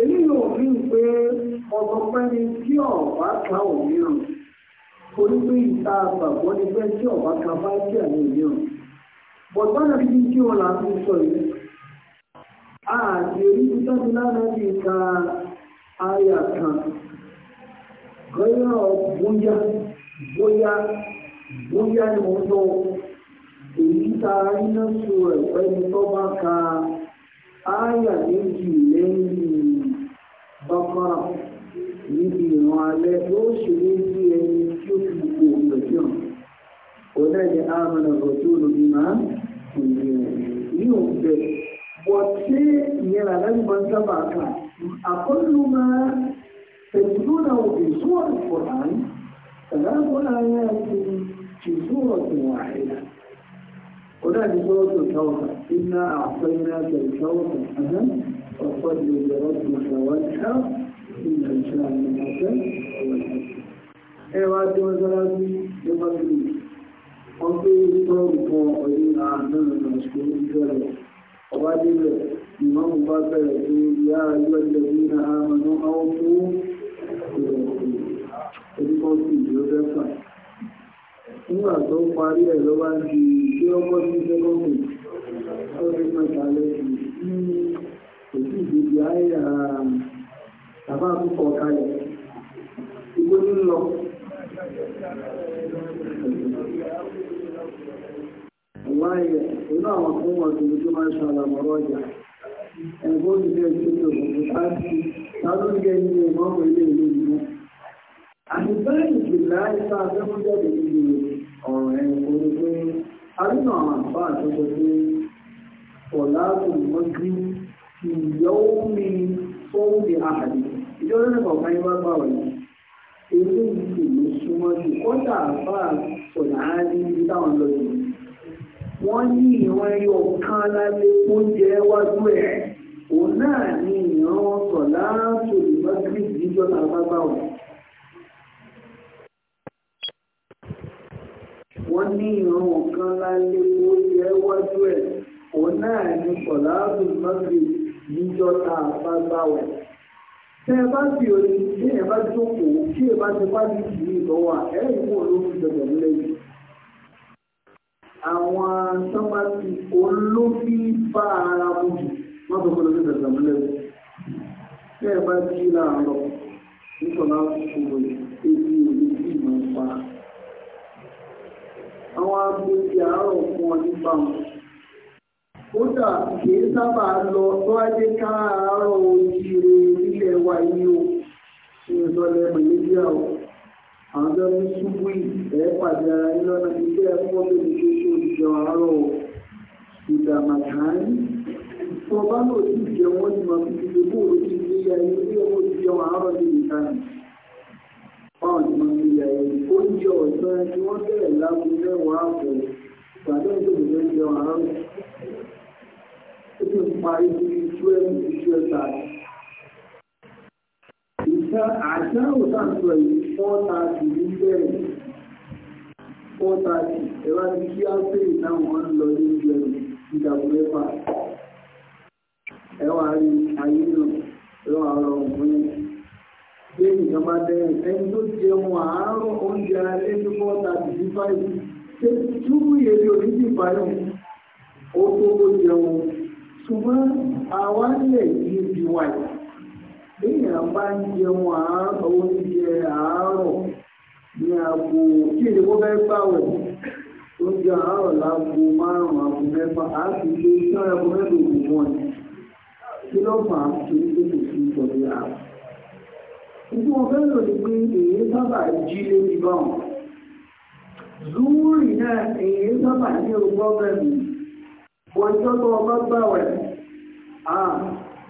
èyí yóò fi ń pé ọgbọ̀pẹ́ tí ọ̀bá ka òmíràn torí pé ìta àgbàgbọ́ ni pé tí ọ̀bá ka bá jẹ́ àmì òmíràn bọ̀dọ́nà bí kí wọ́n láti sọ yìí àti orí títọ́jú lára bí ka àyà kan gọ́yọ̀ bóyá bóyá bóyá ni mo sọ èyí ta iná sọ ẹ̀fẹ́ ni tó bá ka àyà méjì lẹ́yìn bàbá níbi ìran alẹ́ yóò ṣe ní bí ẹni tí ó fi gbogbo ìgbẹ̀jọ́ hàn lẹ́yìn àmàlà rọ̀jú olùbí máa ní òǹbẹ̀ wọ̀tí ìyẹn àlẹ́yìn máa ń sábà kà àkọlù máa tẹ̀sùlù náà òbí súwọ́ ìfọ̀hán tẹ̀láàbọ̀ láyé àti ìṣúwọ̀ ìwà àìlà ودعني صوت الكوثر إنا أعطيناك الكوثر أهم وصل لربك ọdún ìtọ́ nǹkan ọ̀yìn àádọ́rin ọ̀ṣun ìbẹ̀rẹ̀ ọba débẹ̀ ìmọ̀mù bá bẹ̀rẹ̀ pé ìyá ayọ́lẹ̀ ní àmàlà àwọn fún orúkọ sí ìlú rẹ́fà nígbà tó parí ẹ̀ ló bá di ṣé ọkọ sí sẹ́kọ̀ọ̀mù ọdún lọ. Láyé, inú àwọn fún wọn tó tó máa ń ṣàlàmọ́rọ́ ọjà. Ẹ̀gbọ́n ti bẹ́ẹ̀ tó tó kò sáàtì, táwọn jẹ́ ilé ìmọ́mọ̀ ilé ìlú ìlú. Àti bẹ́ẹ̀ ìgbìlá ìta afẹ́kúnjẹ́dẹ̀ nínú ọ̀rọ̀ ẹ̀kọ́ ni pé arínà àwọn àbá àtọ́jọ pé ọ̀lá kò mọ́ sí ìyọ́ mi fóun ní àhàdì. Ìjọba nípa ọ̀kan yín bá gbà wọ̀nyí eléyìí kò ló súnmọ́ sí kọ́ńtà àbá ọ̀nà àádé ibi táwọn lọ sí wọ́n ní ìran ẹyọ kan lálé oúnjẹ wájú ẹ̀ òun náà ní ìran sọ̀lá tòlùmọ́gírì níjọba bábá wọn. wọ́n ní ìran kan lálé oúnjẹ wájú ẹ̀ òun náà ní sọ̀lá tòlùmọ́gírì níjọba bábá wọn. tẹ́ ẹ bá fi òní tí ẹ bá jókòó tí ẹ bá ti bá ní ìlú ìlọ́wà ẹ̀ ń wò ló fi gbẹ̀gbẹ̀ àwọn sọ́mọ́tì olófífà ara bùjù wọ́n tó kọ́lọ́ sí ìdàgbàmúlẹ̀ tẹ́ ẹ bá jí láàárọ̀ nítorí àkókò ebi òní tí ìmọ̀ ń pa àwọn agbègbè àárọ̀ fún ọ nípa wọn kódà kìí sábà lọ lọ́wọ́dé káàárọ̀ òjìrè nílẹ̀ wa yìí ó ṣe ìsọlẹ̀ mọ̀lẹ́bí àwọn àwọn tó ní ṣubú ẹ̀ pàdé ara yín lọ́nà ilé ẹ̀kọ́ tó ní ṣe ṣe òṣìṣẹ́ àárọ̀ ìdàmàtàn tó bá lò sí ìjẹun wọ́n ti máa fi ṣe bóòlù sí ilé ayé bí ọmọ òṣìṣẹ́ àárọ̀ ní ìdàmàtàn báwọn ti máa fi yàyẹ oúnjẹ ọ̀sán tí wọ́n bẹ̀rẹ̀ lágbo mẹ́wàá àpò ìpàdé ìjọba oúnjẹ àárọ̀ ó ti parí sí twelve twelve thirty nǹkan àdáwò sáàtúrọ̀ yìí fọ́ta ti ní bẹ̀rẹ̀ fọ́ta ti ẹ̀rọ ti kí á pè táwọn ń lọ ní ìjọ ìdàgbò mẹ́fà ẹwà rí ayé náà ẹwà ọ̀rọ̀ ọ̀gbìn pé nǹkan bá bẹ̀rẹ̀ ẹni tó jẹun àárọ̀ oúnjẹ alẹ́ ní fọ́ta ti ní fáìlì ṣe túbú yẹlé onídìí ìbáyọ̀ èèyàn bá ń jẹun àárọ̀ oúnjẹ àárọ̀ ní aago kí ni wọ́n fẹ́ gbàwẹ̀ oúnjẹ àárọ̀ láago márùn-ún aago mẹ́fà á sì gbé sáré aago mẹ́fà ògùn wọn ni kí ló fà á torí pé kò sí ìtọ́jú àárọ̀. Ibi wọn fẹ́ lò ní pé èyí sábà jí lórí báwọn. Zúúrì náà èyí sábà ní ogún ọgbẹ̀mí. Wọ́n jọ́ tó ọba gbàwẹ̀.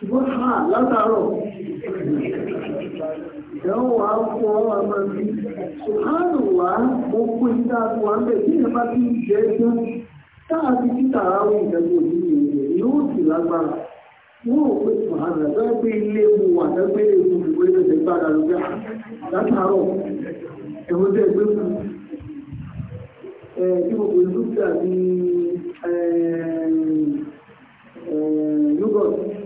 ṣùgbọ́n ha látàárọ̀ ìdánwò àpò ma àmà bí ṣùgbọ́n wà mo kú ìdá àpò àmì tí ẹ bá ti ha ẹjọ́ táà ti títà àwọn ìdẹ́gbò yìí èèyàn yóò sì lágbára wọ́n ò pé ṣùgbọ́n àgbẹ̀ pé ilé mu wà lẹ́gbẹ́ ewu ìwé lẹ́sẹ̀ gbára látàárọ̀ ẹ̀wọ́n yúgọ̀tì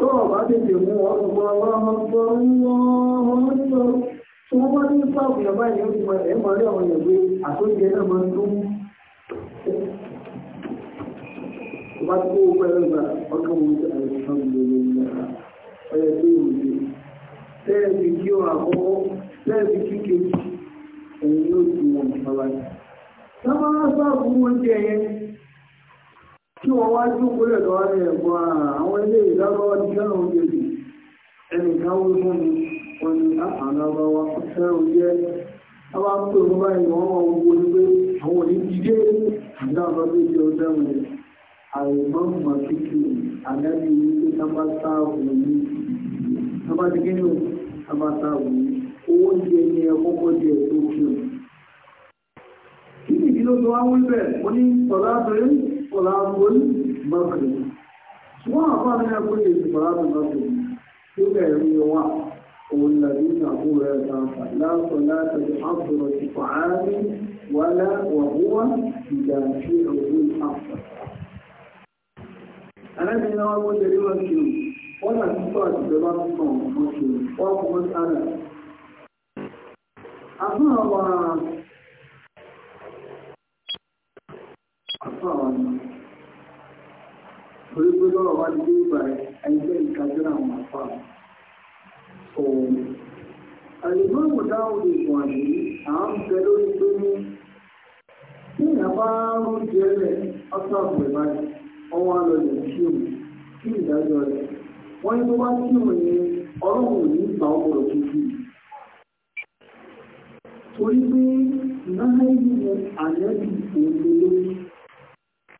Ọ̀rọ̀ bá tètè mú ọgbọ̀n àwọn ọmọ ọmọ tí wọ́n bá ní sáàbù yàbá ìyẹn ti mọ̀ ẹ̀ mọ̀ rí àwọn èèyàn pé àtúnjẹ náà máa ń tó mú. Ọba tí ó pẹ́ lọ́gbà ọdún mú sí àwọn ìṣàn ìlú ìlú ọyẹ tó yìí wùdí. Lẹ́ẹ̀bí kí ó àkọ́kọ́, lẹ́ẹ̀bí kí kejì, ẹ̀yìn yóò ti kí wọ́n wá dúkúlẹ̀ lọ́wọ́ ẹ̀gbọ́n àwọn ilé ìlọ́rọ̀ ní sẹ́nà oúnjẹ bì ẹnìkan wó fún mi wọn ni àpàlọ́rọ̀ wa sẹ́nà oúnjẹ àwọn akúrò fún báyìí wọ́n wọ́n wo ni pé àwọn òní dídé nígbà tó bí ìjọ sẹ́wọ̀n rẹ̀ àìmọ́ mọ̀ kíkì àdájú ní pé sábà sáàbù ní sábà ti kí o sábà sáàbù ní owó oúnjẹ ni ẹ jẹ tó kí o. kí nìdí ló tó wá wí bẹ́ẹ̀ ní sọ̀rọ̀ fọláwọ́n mọ́kìrì wọ́n àfáàní àkóyè sí fọláwọ́n mọ́kìrì tó bẹ̀rẹ̀ ní wà òun làbí ìsàkó rẹ̀ sáfà láàpọ̀ látàrí àbúrò ti fàárí wàlá wàhúwà ìjà sí òun àfà. Alábìnrin náà wọ́n jẹ́ níwọ̀n kìrì wọ́n là ń tọ́ àtìjọba sàn mọ́kìrì wọ́n torí pé lọ́rọ̀ wá dé ìgbà ẹgbẹ́ ìkàjọ́ra àwọn àpá òun àlèmọ́ ìwòdá òde ìwọ̀n yìí à ń bẹ lórí pé ní ní ìyàbá oúnjẹ rẹ̀ ọ́tọ́ àbúrẹ̀ báyìí ọwọ́ lọ lè kí òun kí ìdájọ́ rẹ̀ wọ́n ní tó bá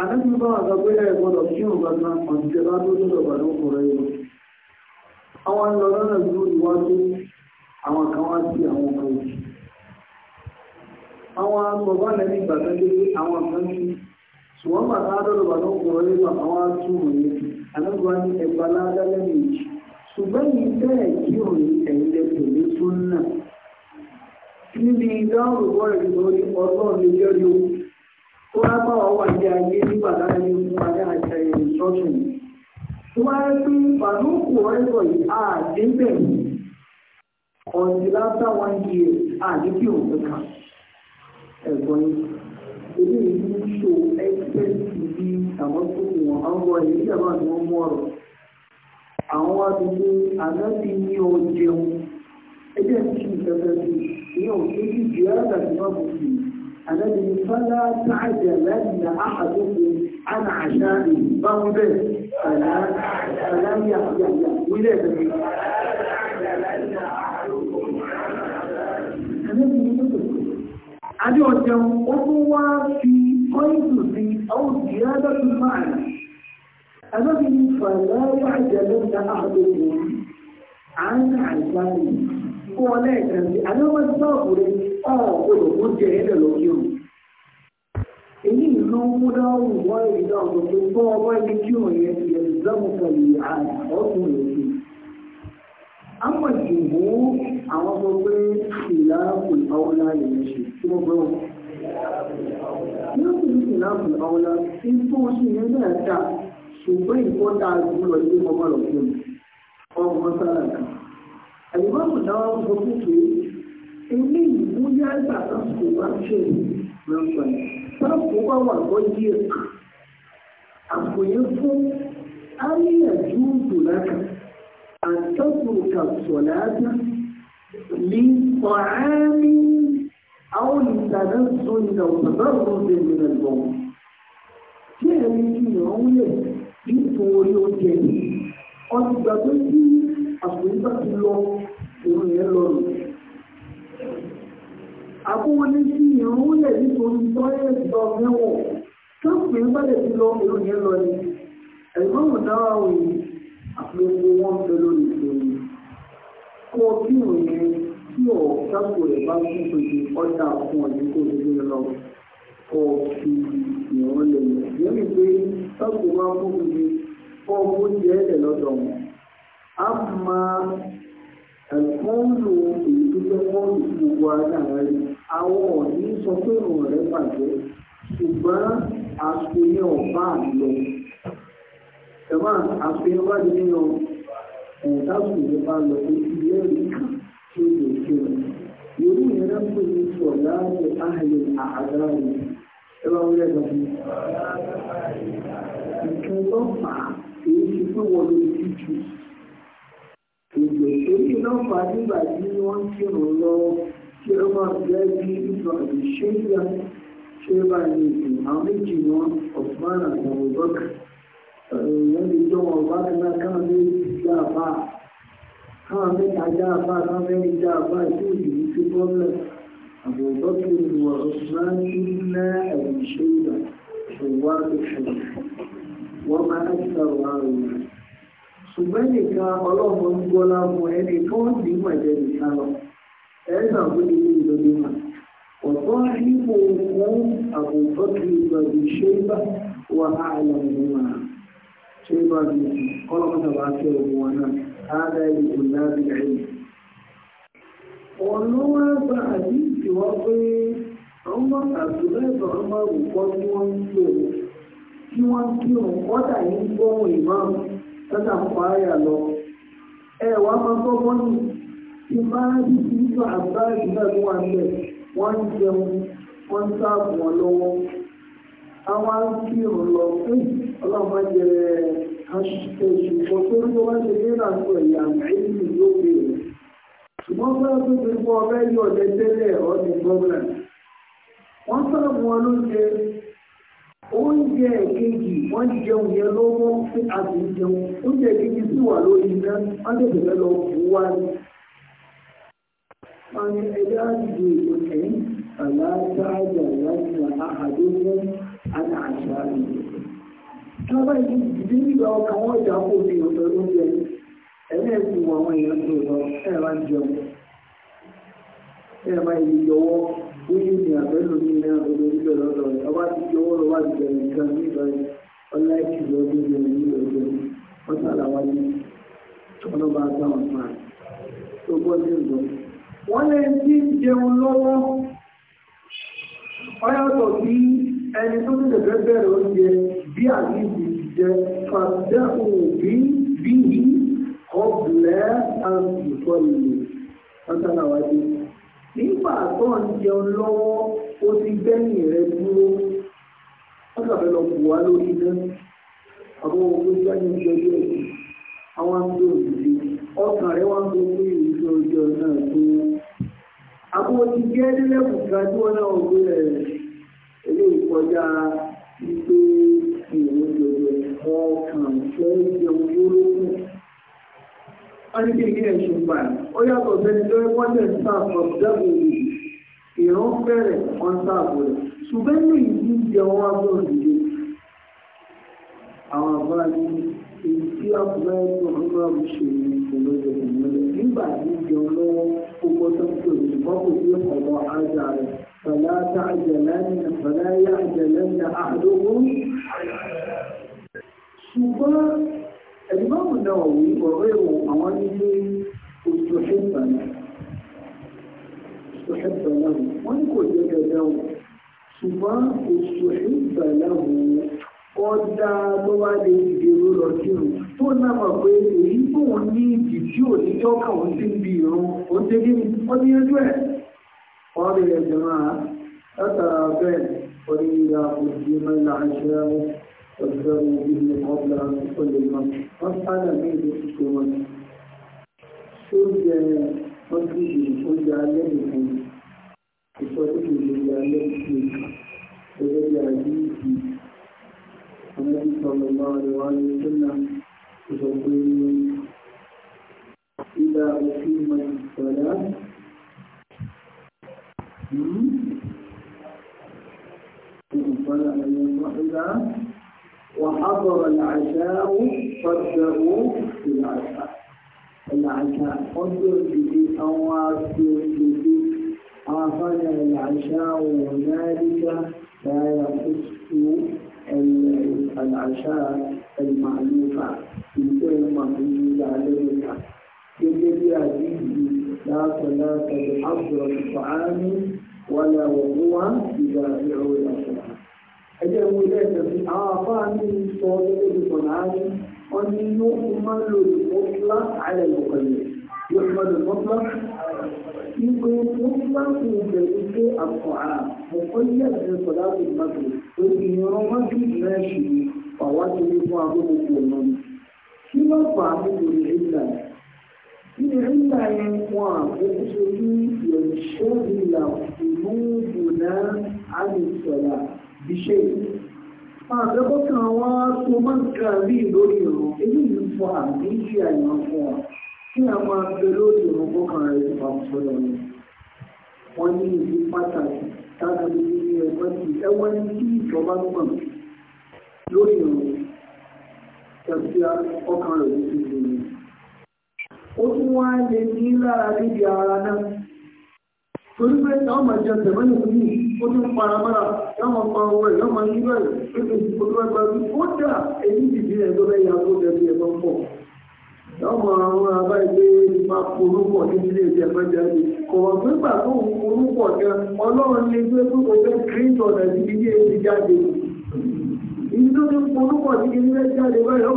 àdájú bá àgbà pé ẹ gbọdọ̀ kí wọn bá náà kàn jẹ bá tó lọ́dọ̀ bá lóko rẹ lọ àwọn ń lọ lọ́nà ìlú ìwájú àwọn kan wá sí àwọn ọmọ òjì àwọn bàbá lẹ́ni ìgbàgbọ́ pé àwọn kan sí ṣùgbọ́n bàtà lọ́dọ̀ bá lóko rẹ lọ àwọn àtúmọ̀ yẹn àdájú wá ní ẹgbà ládá lẹ́nu ìjì ṣùgbọ́n yìí bẹ́ẹ̀ kí òun ẹ̀yìn lẹ́tọ̀ lé tún náà níbi ìdáhùn wọ́n á bá wà wà ní ayé nígbà lára ní ojú padà àti ẹ̀yẹ ìṣọ́tún. wọ́n á rí pé bàlúkù ọ̀rẹ́sọ̀ yìí á dé bẹ̀ ọ̀dì láta wọn di àdébí òun kan ẹ̀gbọ́n ilé ìlú ṣò ẹ́sẹ̀sì bí àwọn tó wọ̀n àwọn ẹ̀yẹ ìjọba ni wọ́n mú ọ̀rọ̀ àwọn adúgbò àdábì ní ọ jẹun ẹgbẹ́ ti ṣe ìfẹ́fẹ́ sí ìyẹn òṣèlú ìjẹ́ àgbàdo má bọ̀ sí i àlẹ́bí fọ́lá tààjẹ̀ lẹ́yìn àhàdókò àná àṣà ìbáwọ́bẹ̀ àlàyé wílẹ̀ rẹ̀. Adé ọ̀jẹun, ó tún wá fi kọ́ìtù sí ọ́ọ̀dì ádọ́tún máa rẹ̀. fọ́lá tààjẹ̀ lẹ́yìn àhàdókò àná ìbáwọ́bẹ̀ fún ọ lẹ́ẹ̀kan sí àdéhùn tí náà kò lè ọ̀rọ̀ òkòlò ó jẹ ẹ̀dẹ̀ lọ kí o. èyí ló ń mú dáhùn wọ́n èyí náà tó tó fún ọmọ ẹni kí o yẹ ti ẹ̀sìn lọ́mùsọ̀ yìí ọ̀tún rẹ̀ sí. àwọn ìdìbò àwọn sọ pé ìlà kò ìfọwọ́ láàyè ṣe tí wọ́n gbọ́ yóò sì ní ìlànà ọ̀la tí tó ṣe ní náà ta ṣùgbọ́n ìkọ́ta àgbúrò ilé ọmọ lọ́kùnrin ọmọ sára kan àyùmọ́mù náà ń sọ fún pé ilé ìlú ní àgbà náà kò bá ṣe ìrànwọ́ táàkù wà wà gbọ́ díẹ̀ àpòyé fún àríyànjú ìdùnlákà àtọ́kùnkà sọ̀láàdá ní ọ̀hánì àwọn ìtàdá sọ ìdà òṣàbá ọ̀rọ̀ ìrìnà lọ tí ẹ̀rí ìyàn ń lẹ̀ nítorí oúnjẹ ọdún gbàgbé sí àsìkò nígbà tí lọ òun yẹn lọ rẹ̀ àbúwọ́ ní sí ìrúnlẹ̀ nítorí tọ́lẹ̀ lọ mẹ́wọ̀ tọ́pù nígbà tí lọ òun yẹn lọ rẹ̀ ẹ̀gbọ́n mọ̀ dára òun àpẹẹrẹ wọn fẹ́ lórí ìṣòro kọ́ kí òun yẹn tí ọ̀ sápò rẹ̀ bá tún pèsè ọjà fún ọdún kò ní lé lọ kọ́ fi ìrànlẹ̀ yẹn mi pé sápò máa fún mi kọ́ oúnjẹ ẹ̀ wọn. أما القول يقول مبارك àwọn òní sọ pé òun rẹ̀ bàjẹ́ ṣùgbọ́n àṣeyẹ ọ̀bá àlọ ẹ̀wọ̀n àṣeyẹ wá ní yan ẹ̀ẹ́dásùnlé bá lọ pé ilé rí kan tí ó lè ṣe rẹ̀ yorùbá yẹn rẹ̀ ń pè ní sọ̀lá ní àhàlẹ̀ àhàdá rẹ̀ ẹ bá wọlé ẹ̀dá fún mi. ìkẹyọ́ fà èyí ti pé wọ́n lórí títù ìgbèsókè náà fà nígbà tí wọ́n ń kírun lọ kí ó máa bẹ́ẹ̀ bí ìfọ̀ ìṣẹ́yà ṣé bá ní ìsìn àwọn méjì wọn ọ̀sùnmán àti ọ̀bọ̀bọ̀kà ìyẹn lè jọ wọn bá kan wọ́n máa ń ṣùgbọ́n nìkan ọlọ́run ń gbọ́ láwọn ẹni tó ń ní mọ̀jẹ́ nìkan lọ ẹ̀sán tó ní ìlú ní mà ọ̀tọ́ nípò fún àbùkọ́ kí ìgbàgbé ṣe bá wà ìlú mà ṣe bá mi wọn náà ìlú ẹ̀yìn. ọ̀nà wọn gba wọn pé sọ́tà ń pa àyà lọ ẹ máa gbọ́ mọ́nì tí máa sí ìtọ́ wà wọ́n ń jẹun wọ́n ń wọn lọ́wọ́ àwọn akírun lọ pé ọlọ́mọ jẹ aṣèṣù kan tó ń wá ṣe ní àtọ̀ ìyàmù ìlú yóò béèrè ṣùgbọ́n bá tó ti gbọ́ ọbẹ̀ yọ̀ lẹ́tẹ́lẹ̀ ọ̀dẹ̀ gọ́ọ̀nà wọ́n sáàbù wọn ló oúnjẹ kejì wọ́n jẹun yẹn lọ́wọ́ sí àti jẹun oúnjẹ kejì sì wà lórí iná wọ́n tẹ̀sẹ̀ lọ bù wá ní. wọ́n ní ẹgbẹ́ àdìgbò ìpínlẹ̀ aláṣáájà láti àhàdó fún aláṣà rẹ̀. sábà yìí dìde nígbà ọkàn wọn jà kó ní ọ̀dọ́ lóúnjẹ ẹ̀rẹ́ ẹ̀sìn àwọn èèyàn tó lọ ẹ̀rọ jẹun ẹ̀rọ ìyọwọ́. lórí ní àbẹ́lò ní iná odò nílò lọ́dọ̀ rẹ̀ ọba ti fi owó lọ́wọ́ àti bẹ̀rẹ̀ nǹkan ní ìbẹ̀rẹ̀ ọlá ìkìlọ̀ ọdún ní ẹ̀mí ọdún wọ́n sàlà wá ní ọlọ́ba àtàwọn pa tó gbọ́ sí ìgbọ́. wọ́n lè ti jẹun lọ́wọ́ ọyọ́tọ̀ bí ẹni tó ti lẹ̀fẹ́ bẹ̀rẹ̀ oúnjẹ bí àbíbi jẹ fàṣẹ òbí bí ọ̀bùlẹ̀ àti ìfọ̀lù wọ́n sàlà wá ní nígbà tó ń jẹun lọ́wọ́ ó ti gbẹ́yìn rẹ dúró wọ́n sàbẹ̀ lọ bù wá lórí iná àbọ̀ owó gbẹ́yìn jẹjẹ ẹ̀sìn àwọn àgbẹ̀ òṣìṣẹ́ ọkàn rẹ̀ wọ́n gbé ní ìrísí ọjọ́ náà tó tí wọ́n náà gbé rẹ̀ ilé ìkọjá ọkàn wọ́n ní kí ní ẹ̀ṣùn pa ó yàtọ̀ sẹ́ni tó wọ́n tẹ̀ ń sáàpù ọ̀dọ́gbò rẹ̀ ìrún bẹ̀rẹ̀ wọ́n sáàpù rẹ̀ ṣùgbọ́n ní ìdí ìjẹ wọn wá bọ̀ nìyẹn àwọn àbúrò ní èyí tí àbúrò فلا تعجلن فلا يعجلن أحدهم ṣùgbọ́n ẹ̀dùnmọ́mù náà wí ọ̀rẹ́ o àwọn ilé oṣù ṣẹ́fà náà oṣù ṣẹ́fà náà wọ́n ní kò jẹ́ dandan o ṣùgbọ́n oṣù ṣẹ́fà náà ọ̀dà ló wá lè dèrò lọ sí o tó náà mọ̀ pé èyí tóun واجبروا به قبل أن يصلي المغرب مسألة ميزة الشروط شرط مسجد شرط عليه الحمد ìsọdún ìlú alẹ́kùn gẹ́gẹ́ bí àdíyìí ọmọdé sọlọ́lá àríwá ní ìjọ́nà ìṣọ̀gbé ní ìdá òfin mọ̀ ìsọ̀dá ìfọ́nà àyẹ̀wò ìdá وحضر العشاء فابدأوا بالعشاء العشاء العشاء به في أكثر به العشاء وذلك لا يخص العشاء المعلوفة بالفعل محمود عليها كالذي هذه لا صلاة بحضرة الطعام ولا وهو بدافع الأسرار ẹjẹ́ wo ilé ẹ̀jẹ̀ fi àwọn afáà ní sọ gẹ́gẹ́ bí sọ̀nà áyé wọ́n ní yóò fún máa ń lo ìmọ̀fúlá àlẹ́ ìwọ̀kọ̀lẹ̀ yóò fún máa lo ìmọ̀fúlá. Ìgbé mọ̀fúlá kò bẹ̀rù pé àpò àrà mọ̀kọ́ yẹ ẹ̀jẹ̀ sọ̀dá kò má tó lórí ìran wá sí ìrìn ẹ̀ṣì wàwá tó lé fún agbóhùn kò nà. Kí ló fà á nínú ìrìnlá? Ìrìnlá yẹn wọn àkókò sórí ìlà ìmúdùnà àmì ìṣe àbẹ́kọ́ kan wọ́n tó máa ń kà rí lórí ìrùn èyí ń fọ àmì ìṣe àyàn fún ọ kí a máa gbé lórí ìrùn kọ́kàn rẹ̀ ti pàmò sọ́dọ̀ ni wọ́n ní ìdí pàtàkì tábìlì ní ẹgbẹ́ ti ẹwọ́n ní kí ìjọba gbọ̀n lórí ìrùn tẹ̀sí ọkàn rẹ̀ ti dùn ó tún wá lè ní lára níbi ara náà torí pé táwọn máa jẹ tẹ̀mọ́ ní ìlú ó tún para mọ́ra táwọn máa pa owó ẹ̀ yóò máa yí bẹ́ẹ̀ pé kò sí kótó ẹgbẹ́ bí ó dà èyí ti di ẹgbẹ́ bẹ́ẹ̀ yà tó jẹ bí ẹgbẹ́ pọ̀ táwọn máa wọn abá ẹgbẹ́ máa polówó ní ilé ìjẹ ẹgbẹ́ jẹ ẹgbẹ́ kò wọ́n pé gbà tó ń polówó ọ̀gá ọlọ́run ní pé kó o fẹ́ kíríntọ̀ ilé ìjẹ jáde ìdí tó ti polówó ní ilé jáde bẹ́ẹ̀ yóò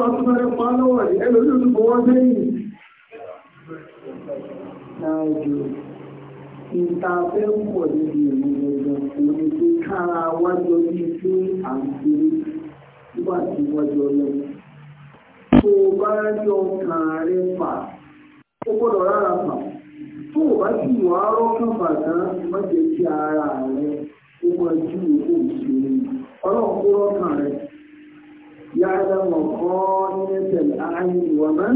máa ìta fẹ́ pọ̀ níbi ìrìnlẹ̀ òun kára wájọ bí tí nígbà tí wájọ lọ. tó o bá rí ọkàn fà ó gbọ́dọ̀ rárá fà tó o bá sì rọ́kàn má jẹ́ kí ara rẹ ó máa ju òkú ìṣeré ọlọ́run kó rọ́kàn mọ̀ kọ́ nílẹ̀ tẹ̀lé ààyè ìwọ̀n náà.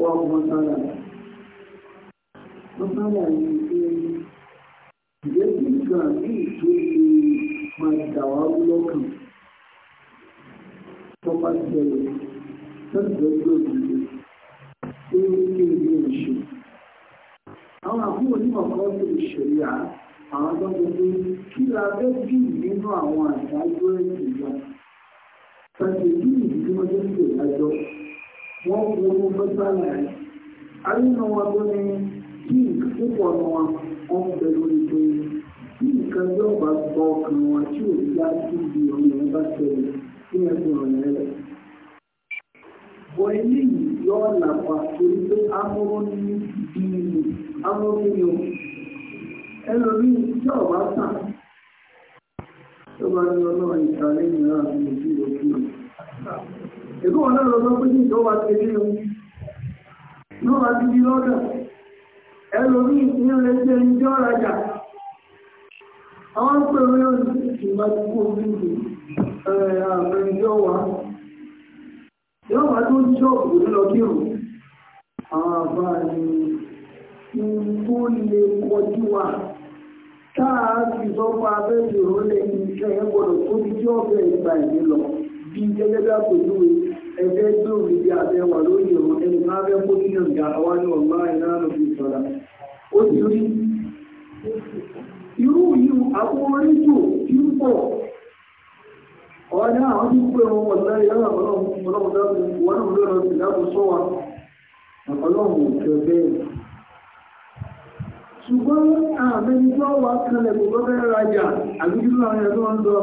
Wọ́n mọ̀ sára. tó bá wà ní ilé ìjẹ́ kí nǹkan àti ìtò lè máa dà wá lọ́kàn tó bá ṣẹlẹ̀ lọ́dọ̀ tó dìde tó ní ilé ìṣe. Àwọn àbúrò onímọ̀ kan tó ìṣẹ̀lẹ̀ à àwọn tó ń gbé kí la fẹ́ jù nínú àwọn àdájọ́ ẹ̀sìn wa. Pẹ̀lú ìdí ìdí tí wọ́n jẹ́ sí ìdájọ́, wọ́n wo mọ́tálà rẹ̀. Àrínà wọn tó ní kí púpọ̀ ọmọ wọn wọn ń bẹ lórí pé kí nǹkan yóò bá gbọ́ ọkàn wọn tí ò yá sí ibi ọ̀nà ẹ̀ bá ṣẹlẹ̀ sí ẹ̀sùn ọ̀nà ẹ̀ rẹ̀. bọ̀ eléyìí yọ làpá torí pé amúrú ní ìlú amúrú ní o ẹlòmíì tí ọ̀bá tàn tó bá ní ọlọ́run ìsàlẹ̀ ìran àti ìlú òkú rẹ̀. èkó wọn náà lọ sọ pé kí ìjọba ti o náà wá ti di lọ́dọ̀. ẹlòmí ìpínlẹ̀ ẹgbẹ́ ìjọ ndị àwọn pẹ̀lú ìgbàgbogbo ojúlù ààrẹ ìjọ wa yóò wá tó jọ òlúlọ kí o àwọn àbá ni lè kọjú wa táà fi sọ́pọ̀ abẹ́jọ rọ́lẹ̀ iṣẹ́ ẹgbọ́dọ̀ tó bí jọ́ ọ̀fẹ́ ìgbà ìdí lọ bí gẹ́gẹ́ bí ẹgbẹ́ gbé lórí òjòrí irú yìí àwọn oríjò tí ń pọ̀ ọ̀nà àwọn tí ń pè wọn wọ̀n láyé yára ọlọ́run dábò wọn náà lọ́rọ̀ sí dábò sọ́wà ọlọ́run òkè bẹ́ẹ̀ ṣùgbọ́n àmẹ́ni tó wà kalẹ̀ kò bọ́ bẹ́ẹ̀ rajà àbíjú láwọn ẹ̀rọ ń lọ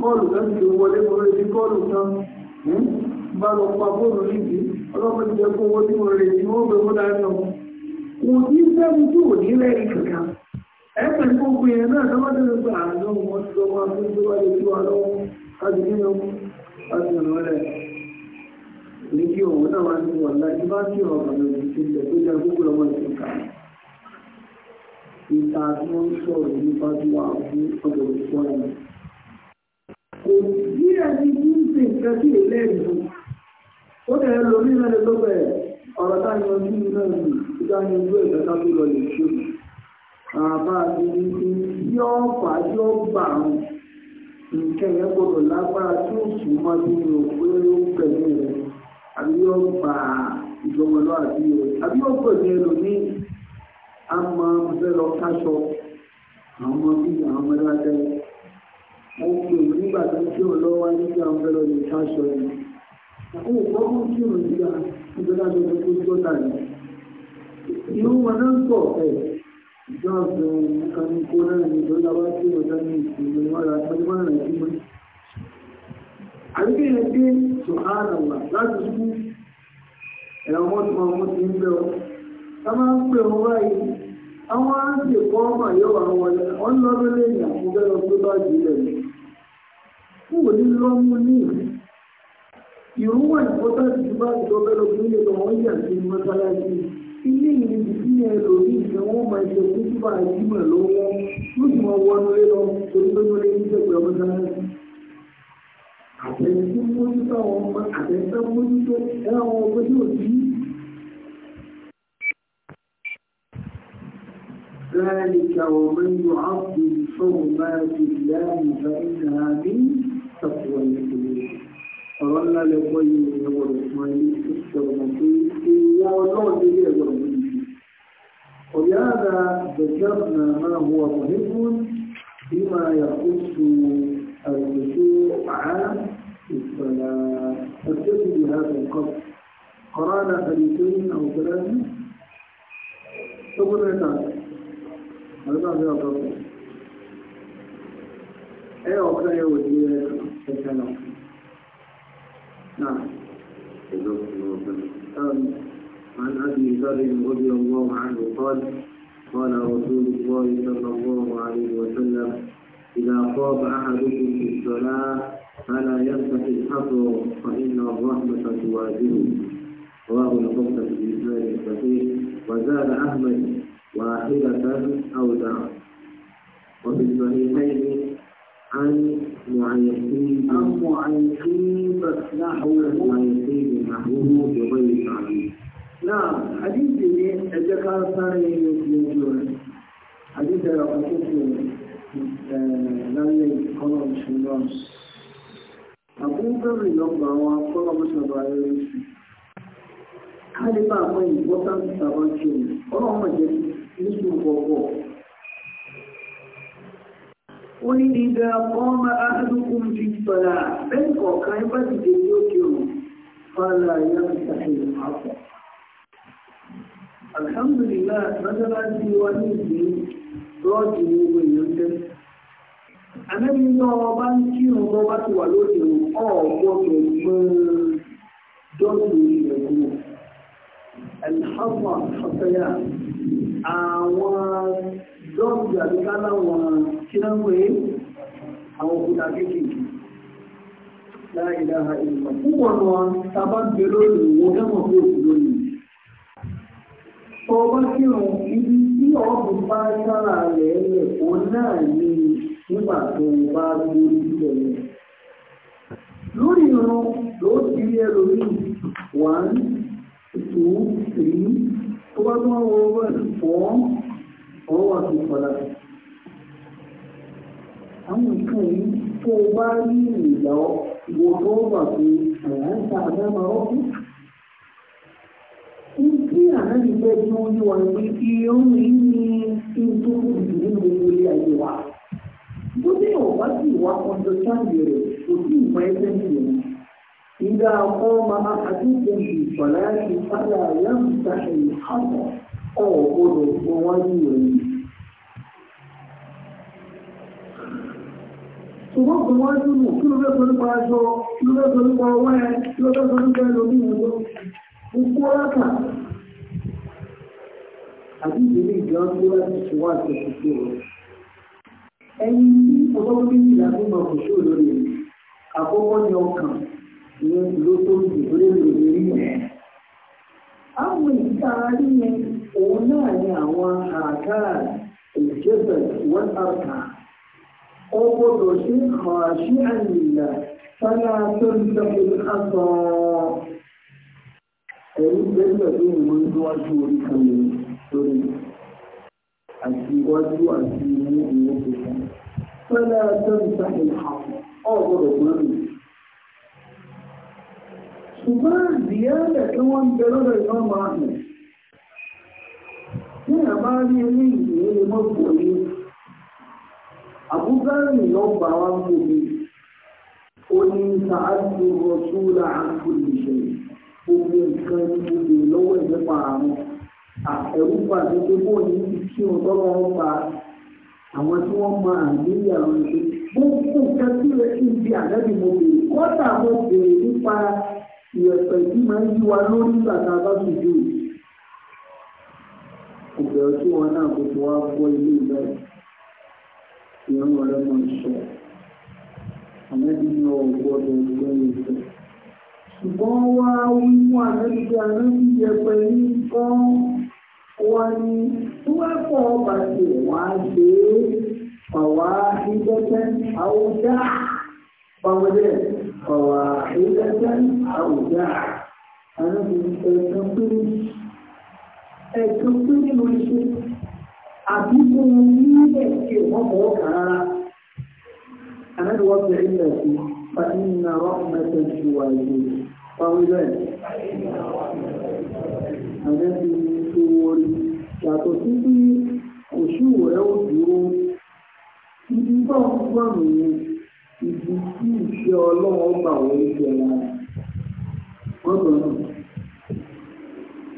kọlù kan ti wọlé wọlé sí kọlù kan bá lọ pa bóòlù nídìí ọlọ́run ti jẹ́ kó wọlé wọlé tí kò ní sẹ́ni tí ò ní lẹ́yìn kankan ẹ̀sẹ̀ gbogbo yẹn náà tó bá tẹ̀lé pé àánú wọn ti lọ́wọ́ afẹ́fẹ́ wá lè tú wa lọ́wọ́ láti nínú láti ọ̀nà rẹ̀ ní kí òun náà wá ní wọn láti bá kí ọ̀rọ̀ kan lè ti lẹ̀ tó jẹ́ gbogbo ọmọ ìlú ká ìta tí wọ́n sọ̀rọ̀ nípa tí wọ́n fún ọ̀dọ̀ ìfọ́ ẹ̀ kò sí ẹni tí ń ṣe nǹkan sí ìlẹ́ẹ̀dùn ó dẹ̀ lọ nílẹ̀ lọ́bẹ̀ẹ́ ọ̀rọ̀ táyọ̀ ojú náà ní ìdáyọ̀ ojú ìgbẹ́ta tó lọ lè ṣe àbá àti tí ó fà á tí ó gbà ń nǹkan yẹn gbọdọ̀ lágbára tí ó sì mọ́ sí ní òpé ó pẹ̀lú rẹ̀ àbí ó gbà ìjọmọlọ́ àbí rẹ̀ àbí ó pẹ̀lú ẹlòmíì a máa ń fẹ́ lọ káṣọ àwọn ọmọ bíi àwọn ọmọ ẹlẹ́dẹ́ mo pè mí nígbà tó ń kí òun lọ́wọ́ nígbà ń fẹ́ lọ lè káṣọ yìí. àwọn ìfọ́kùn kí òun yíra nígbà tó ti kú tó tàbí. Irú wọn náà ń pọ̀ ẹ̀ ìjọ́sìn nǹkanníkó náà ni ìjọ́lá wá sí ọ̀dá ní ìsinmi wọ́ra ọdún rẹ̀ sí mọ́. Àríkè yẹn dé ìrún wà nípọ́tà ìjọba ìjọba ẹlòmílẹ̀ lọ́wọ́ yà sí mọ́sálásí ilé ìrìnbí sí ẹlòmí ìsanwó máa ṣe fún túbà ìjímọ̀ lọ́wọ́ ló sì máa wọnú lé lọ torí pé wọ́n lé ní ìjọba mọ́sálásí. àtẹ̀yẹsí mójútó àwọn ọmọ àtẹ̀yẹsí mójútó ẹ àwọn ọgbẹ́ tí ò sí. ذلك ومن يعظم صومات الله فإنها من تقوى الله ọ̀rọ̀ ńlá lè kọ́ yìí ní ọ̀rọ̀ fún ẹni ìṣẹ̀wọ̀n pé ìwọ ọlọ́run ní ilé ẹ̀gbọ́n mi nìyí. ọ̀yáàdà bẹ̀jọ́nà máa wọ àmọ̀lẹ́kùn bí máa yàkóso àgbẹ̀jọ́ àá ìfọ̀lá ẹ̀jẹ̀ bí i hàbẹ̀ kọ́. قرانا حديثين أو ثلاثة تقول لك هذا هذا أفضل أي أوكا يوجد لك نعم عن أبي ذر رضي الله عنه قال قال رسول الله صلى الله عليه وسلم إذا خاب أحدكم في الصلاة فلا يمسح الحصر فإن الرحمة تواجهه رواه الخمسة في إسناد الصحيح وزاد أحمد واحدة أو دعوة وفي الصحيحين عن معيقين عن معيقين نحو معيقين وهو بغير تعليم نعم حديث دي الذكر الثاني يوجد حديث رقم لن يقرأ بسم الله أقول بر لọ́gbà wọn kọ́lọ̀ mọ́sàbà ẹ̀rẹ́ sí. Ká lè bá àwọn ìbọ́tà tàbá kí ọ̀rọ̀ ọmọ jẹ́ nísùn ó ní ìdá ọmọ ahàdùkùn ti fàlà ẹ̀kọ̀ kan bá ti dé ní òkè òun fàlà yá ìsàkìlì àpọ̀. alhamdulillah mọ́sálásí wa ní ìsìn rọ́ọ̀dì ní gbogbo èèyàn jẹ́ Àmẹ́bí ní kí ọmọ bá ti wà lóde ọ̀gbọ́n àwọn lọ́pù jàbí káláwọn kíláwé àwọn òkúta kéèkèé láìdáha ìlú púpọ̀ wọn tàbá gbé lórí ìwò gẹ́mọ̀ fún òkú lórí tó bá kí wọn ibi tí ọ̀pù bá sára rẹ̀ lẹ̀ kó náà ní nígbà tó bá lórí ìbẹ̀rẹ̀ lórí ìran ló ti rí ẹlòmíì one two three tó bá tún wọn wọ four ọwọ́ ti fọ́lá. Àwọn nǹkan yìí tó o bá rí ìgbà wo tó wà pé àyà ń ta àdámà ọ́kú. Ní kí ànábì fẹ́ tí ó yí wa ní kí ó ń rí ní kí n tó kù jù nínú gbogbo ilé ayé wa. Bó dé ọ̀bá sì wá ọjọ́ sáàbì rẹ̀ kò sí ìmọ̀ ẹgbẹ́ nìyẹn. إذا قام أحدكم بالصلاة فلا يمسح الحجر Ọ gbọ́dọ̀ tí wọ́n ní ìròyìn. ṣùgbọ́n kò wọ́n ní mú kí ló fẹ́ sọ nípa aṣọ ụgbọ ló fẹ́ sọ nípa ọwọ́ ẹ kí ló fẹ́ sọ nípa ẹlòmí ìwúlò gbogbo ọlọ́kà àti ẹni tí ọgbọ́n bí ìlà tó mọ̀ lórí rẹ̀ àkọ́kọ́ ni ọkàn ló tó ń lórí àwọn ara òun náà ni àwọn àkáà ìjẹ́bẹ̀ wọ́n àkà ó gbọ́dọ̀ sí àṣí àyìnlá sáyà tó ń tẹ́kùn àtọ̀ ẹ̀rí gbẹ́gbẹ̀ tó ń mú níwájú orí kan lórí àti iwájú àti inú ìwé tuntun sáyà tó ń tẹ́kùn àtọ̀ ó gbọ́dọ̀ gbọ́dọ̀ ṣùgbọ́n ìyá ẹ̀ tí wọ́n ń bẹ lọ́dọ̀ ìfọ́n máa hàn tí a bá rí eléyìí ní mọ́tò ní àbúgbá ènìyàn bá wá mú mi ó ní sàájú rọ̀túlà àkùnrin ìṣẹ̀lẹ̀ gbogbo nǹkan ní gbogbo lọ́wọ́ ìfẹ́pà àwọn àẹ̀rú pàdé pé bó ní kí wọn tọ́lọ́ wọn pa àwọn tí wọ́n máa àgbéyé àwọn ìṣe gbogbo nǹkan tí ó ti di àdábì mo béèrè kọ́tà mo béèrè nípa ìyẹ̀pẹ̀ tí máa ń yí wa lórí bàtà bá tù jù yìí ìbẹ̀rù tí wọ́n náà kò tó wá gbọ́ ilé ìbẹ̀rù ìran ọ̀rẹ́ mọ̀ ìṣọ́ àmẹ́bí ní ọ̀rọ̀ gbọ́dọ̀ ìgbẹ́ ìfẹ́ ṣùgbọ́n wá wíwọ́ àmẹ́bí tí àmẹ́bí yẹ pẹ̀lú gan wọn ni tó wá pọ̀ bàtì wá gbé pàwá ìgbẹ́tẹ́ àwùjá pàwọ́dẹ́ pàwá ìgbẹ́tẹ́ àwùjá àmẹ́bí ẹ̀sán ẹ̀sùn tó nínú iṣẹ́ àbí kó wọn ní ilẹ̀ ṣe ọmọ ọkà rárá. Àmẹ́lùwọ́ bẹ̀rẹ̀ ilẹ̀ sí Fàínà Rọ́mẹ́tẹ̀ ṣù wà ìlú Pàwílẹ̀. Àmẹ́bí ní tó wọrí. Yàtọ̀ sí bí òṣù rẹ̀ ó dúró. Ibi bá ń gbọ́ tí ìṣe ọlọ́wọ́ gbà wọ́n ń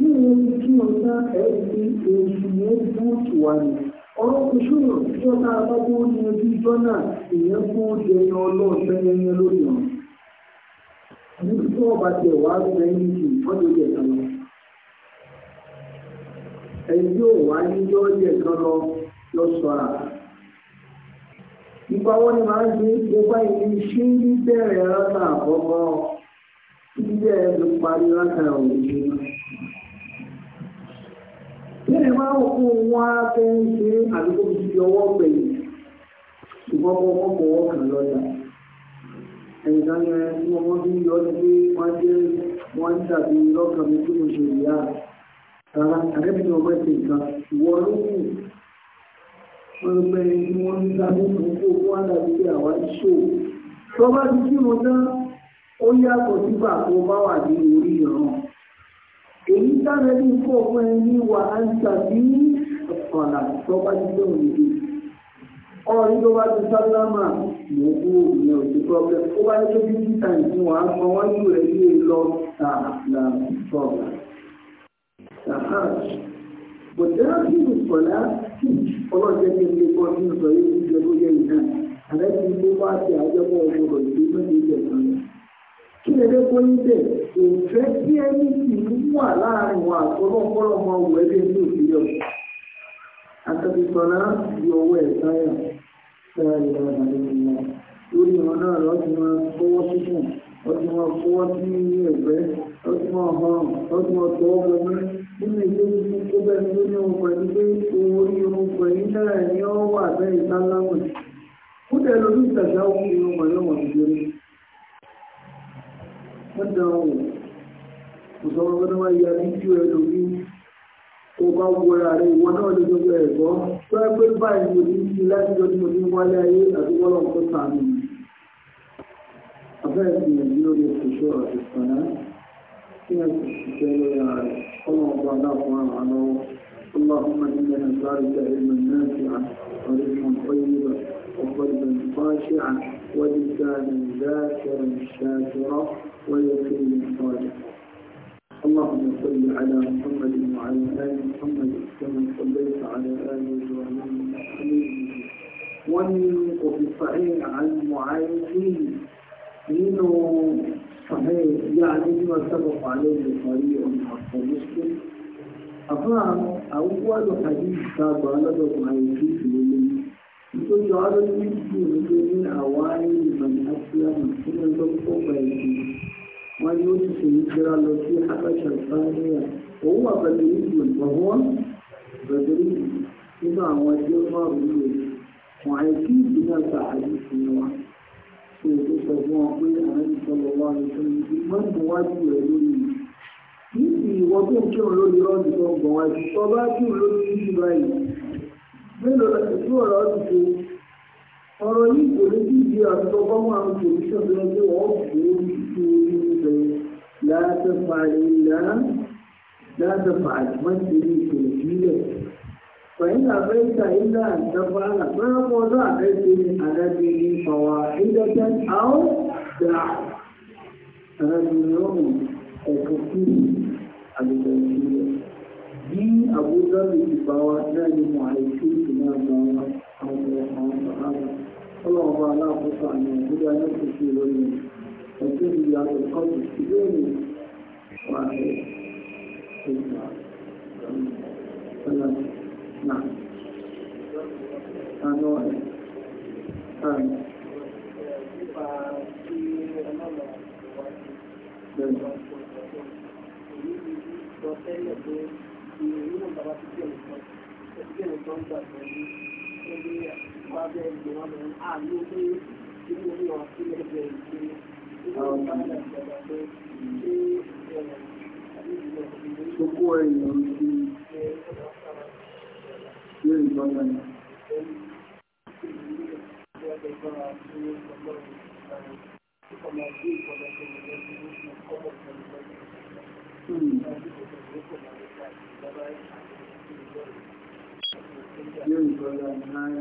ní orí kí ọ̀tá ẹ̀ẹ́dì èṣù yẹn bóòtù wà ní ọ̀rọ̀ kòṣùrù tí ọ̀tá abábó ní ojú ìjọ náà èèyàn kó jẹyàn ọlọ́ọ̀fẹ́ ẹni lórí ọ̀rọ̀ ní tí ọba tẹ̀ wá sẹ́yìn jù ọdún yẹ̀ kan lọ ẹni tí ó wá ní yọ́ yẹ̀ kan lọ lọ sọ̀rọ̀ ìgbà wọn ni màá gbé gbogbo ìlú ṣé ní bẹ̀rẹ̀ rákà àkọ́kọ́ ní bẹ̀rẹ̀ ló parí rákà òun ní ẹ̀ máa wọn á fẹ́ ń ṣe àdúgbò ti fi ọwọ́ gbẹ̀yìn ṣùgbọ́n èyí sáré bí kó fún ẹ ní wà á ń tàbí ọ̀nà tó bá ti tó nìyí ọ̀rí tó bá ti sálámà mò ń kú ìyẹn ò ti problem ó bá yẹ kó bí títà ìdí wọn á sọ wọn yóò rẹ yé lọ tààlà sọ̀rọ̀ sàkáàtì bọ̀dé láti ìlú sọ̀lá ọlọ́jẹ́ ní ilé kan ní ìsọ̀rí ìjẹ́ tó yẹ ìná àlẹ́ ti ilé wá sí àjẹpọ̀ ọmọ rẹ̀ ìdí ìjẹ̀ kan kí lè dé kó ní bẹ̀ kò fẹ́ kí ẹni tì í wà láàrin wọn àtọ́lọ́pọ́lọ́ wọn wọ ẹgbẹ́ ní òfìyọ́ akẹ́kọ̀ọ́lá di ọwọ́ ẹ̀ táyà sára ìlà àbàlẹ̀ wọn lórí wọn náà lọ́ọ́ ti máa kọ́wọ́ síkùn ọtí wọn kọ́wọ́ sí ẹ̀gbẹ́ ọtí wọn ọ̀hún ọtí wọn tọ́wọ́ bọmí nínú ìlú ní kó bẹ́ẹ̀ ni ó ní ohun pẹ̀lú pé ohun orí ohun pẹ̀lú náà ni ó wà bẹ́ẹ̀ ìtàlámù kúdẹ̀ lórí ìtàṣà òkú ìhun pẹ̀lú ọmọ ìjọba mọ́ta wọ̀ mùsọ̀rọ̀ wọn wá ya fídíò ẹ lórí kó bá wọra rẹ ìwọ náà lè lọ bẹ ẹ̀kọ́ tó ẹ pé báyìí mo ti ń fi láti lọ sí mo ti ń wálé ayé àti wọ́n lọ́n kó sàmì abẹ́ ìgbìyànjú lórí ìṣòṣò àti ìpàdá kí ẹ sì ṣiṣẹ́ lórí ara rẹ̀ kọ́nà ọba àwọn alọ́wọ́ اللهم إنا نسألك علما نافعا ورزقا طيبا وقلبا خاشعا ولسان ذاكر شاكرا ويقينا صالحا اللهم صل على محمد وعلى آل محمد كما صليت على آل إبراهيم حميد ونلق في الصحيح عن معايشين منه صحيح يعني ما سبق عليه البخاري حق مسلم أفهم أول حديث كان لدى معايشين في nítorí ọ̀rọ̀ lórí méjì nígbè ní àwárí ìbàdí asilamu tí wọ́n lọ kó bẹ̀rẹ̀ sí wọ́n yóò ti ṣe ìgbéra lọ sí abẹ́ṣà sáréà òun wà pẹ̀lú ìlú ìgbọ̀wọ́ pẹ̀lú nínú àwọn ẹgbẹ́ márùn-ún rẹ̀ wọ́n àìsí ìdílé àgbà àdìsí wa ṣe ètò sọ fún wọn pé àwọn ìṣọ̀lọ̀ wa ní sọ́yìn tí wọ́n bọ̀ wájú rẹ̀ lórí níbi ìwọ́n tó ń kírun lórí rọ́ọ̀dù tó ń bọ̀ wájú tó bá kírun lórí mélòó lọ́sẹ̀ ọ̀rọ̀ ti ọ̀rọ̀ yìí kò lè ìdí àtọ́ bọ́mọ̀ àwọn tòlíṣàn tó yẹ pé wọ́n fi orí sí orí rẹ̀ látẹ̀fà ìlà látẹ̀fà àjùmọ̀tì ní ìṣòro sílẹ̀. فإن أبيت إلا أن تفعل ما قد أبيت الذي فواحدة أو دع هذا اليوم الكثير bí àbújá lè ti bá wa náà ni mo àìsí ìdùnnú àgbà wa àwọn àwọn sàhábà ọlọ́run bá aláàkóso àmì àbújá náà ti ṣe lórí ẹgbẹ́ ìyá ẹ̀kọ́ ti ṣe lórí wà ẹ̀ ìgbà ọ̀la náà àná ẹ̀ àná. Thank you. Gbogbo èèyàn ti ṣe ìjọba ni. Hmm yóò gbọ́dọ̀ máa ń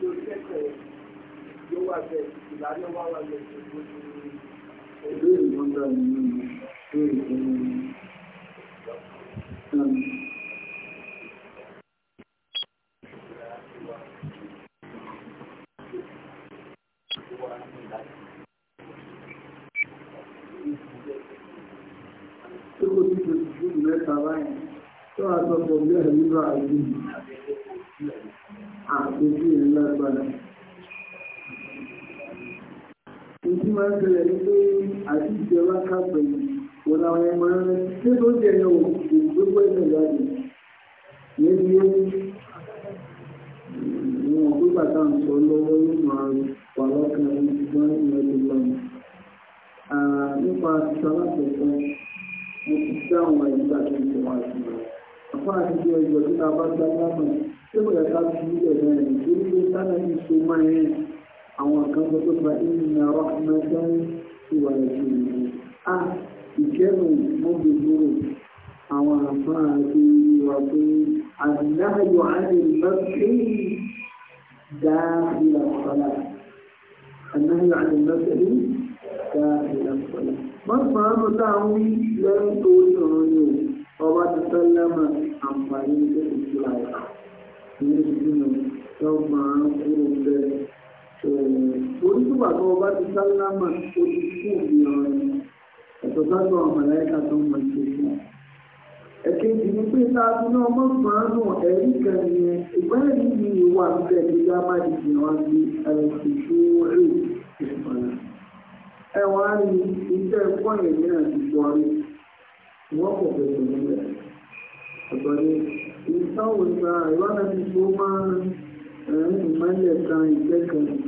Thank you yóò wà bẹ́ẹ̀ ìlànà wà wà bẹ́ẹ̀ tó tó tó ìlú ìlú ńlá nínú ìlú ìlú Tí ó ti tó ti fún mẹ́ta báyìí, tó àtọ́pọ̀ bí ẹ̀rí bá àìyí, àti bí ìrìnlẹ́gbàdà ìdí máa ń bẹ̀rẹ̀ ní pé àti ìjọba kápẹ̀ wọn àwọn ọmọ rẹ tí tó jẹ yẹn ò gbogbo ẹ̀sẹ̀ jáde yẹn ti yé wọn pé bàtà ń sọ lọ́wọ́ yóò máa wà lọ́kàn ní ìgbọ́n ìyẹn ti lọ nípa ìsọlátẹ̀kọ́ mo ti dáhùn àyíká tó ń sọ wá sí i àpá àti ìjọ ìjọ tí a bá gbá lámà tí mo yẹ ká fi ilẹ̀ náà nítorí pé sáré ní so máa ń rìn àwọn kan sọ pé fa ìnà rọ́pẹ́tẹ́ ìwà ìjìnlẹ̀ a ìkẹ́rùn mọ́gbẹ̀gbọ́rọ̀ àwọn àfáà tó wà pé àdínáyọ̀ àdìmọ́sí dáàbìlà sọ́lá àdínáyọ̀ àdìmọ́sí dáàbìlà sọ́lá wọ́n fà á mọ́ táwọn lẹ́yìn tó sọ̀rọ̀ yóò ọba ti sọ́lẹ́mà àǹfààní tó ti fi àyà ìyẹn ti dùn kúrò bẹ́ẹ̀ onígbà tó bá ti sálámà tó ti fún òfin ọ̀rọ̀ ẹ̀ ẹ̀tọ́ sábà màláíkà tó mọ̀ ṣe fún ọ. ẹ̀kejì ni pé sáájú náà mọ̀ fàánù ẹ̀rí kan yẹn ìgbọ́n ẹ̀rí mi ìwà bíbẹ̀ ní di ìdí wọn sí àìsíṣú rè ìfọ̀nà. ẹ wá ní iṣẹ́ ẹ̀kọ́ yẹn ní àtijọ́ rí wọ́n kò fẹsẹ̀ nílẹ̀. ọ̀tọ̀ ni ìsáwòsàn ìwádàá ti tó máa ń ìmọ̀lẹ̀ kan ìkẹ́kọ̀ọ́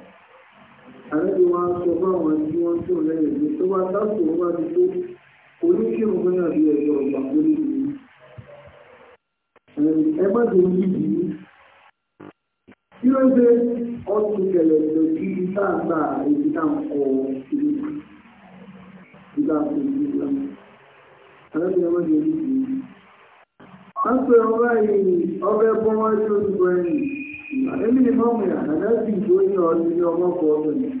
àlejò wa sọ fáwọn tí wọ́n tó lẹ́yìn pé tó bá dákò wá ti tó oníkírun fún yàrá bí ẹ̀yọ ọ̀gbà tó lè ní. ẹgbẹ́ tó yí yìí kí ló dé ọtún kẹlẹ̀ lọ sí ìta àgbà èyí tá ń kọ ìlú ìgbà tó yí lọ. àlejò wa ti yí yìí. wọ́n pe ọba yìí ọbẹ̀ bọ́ wájú olùkọ́ ẹ̀yìn. Àlejò ni mọ́mù yàrá láti ìgbóyè ọdún ní ọmọkùnrin.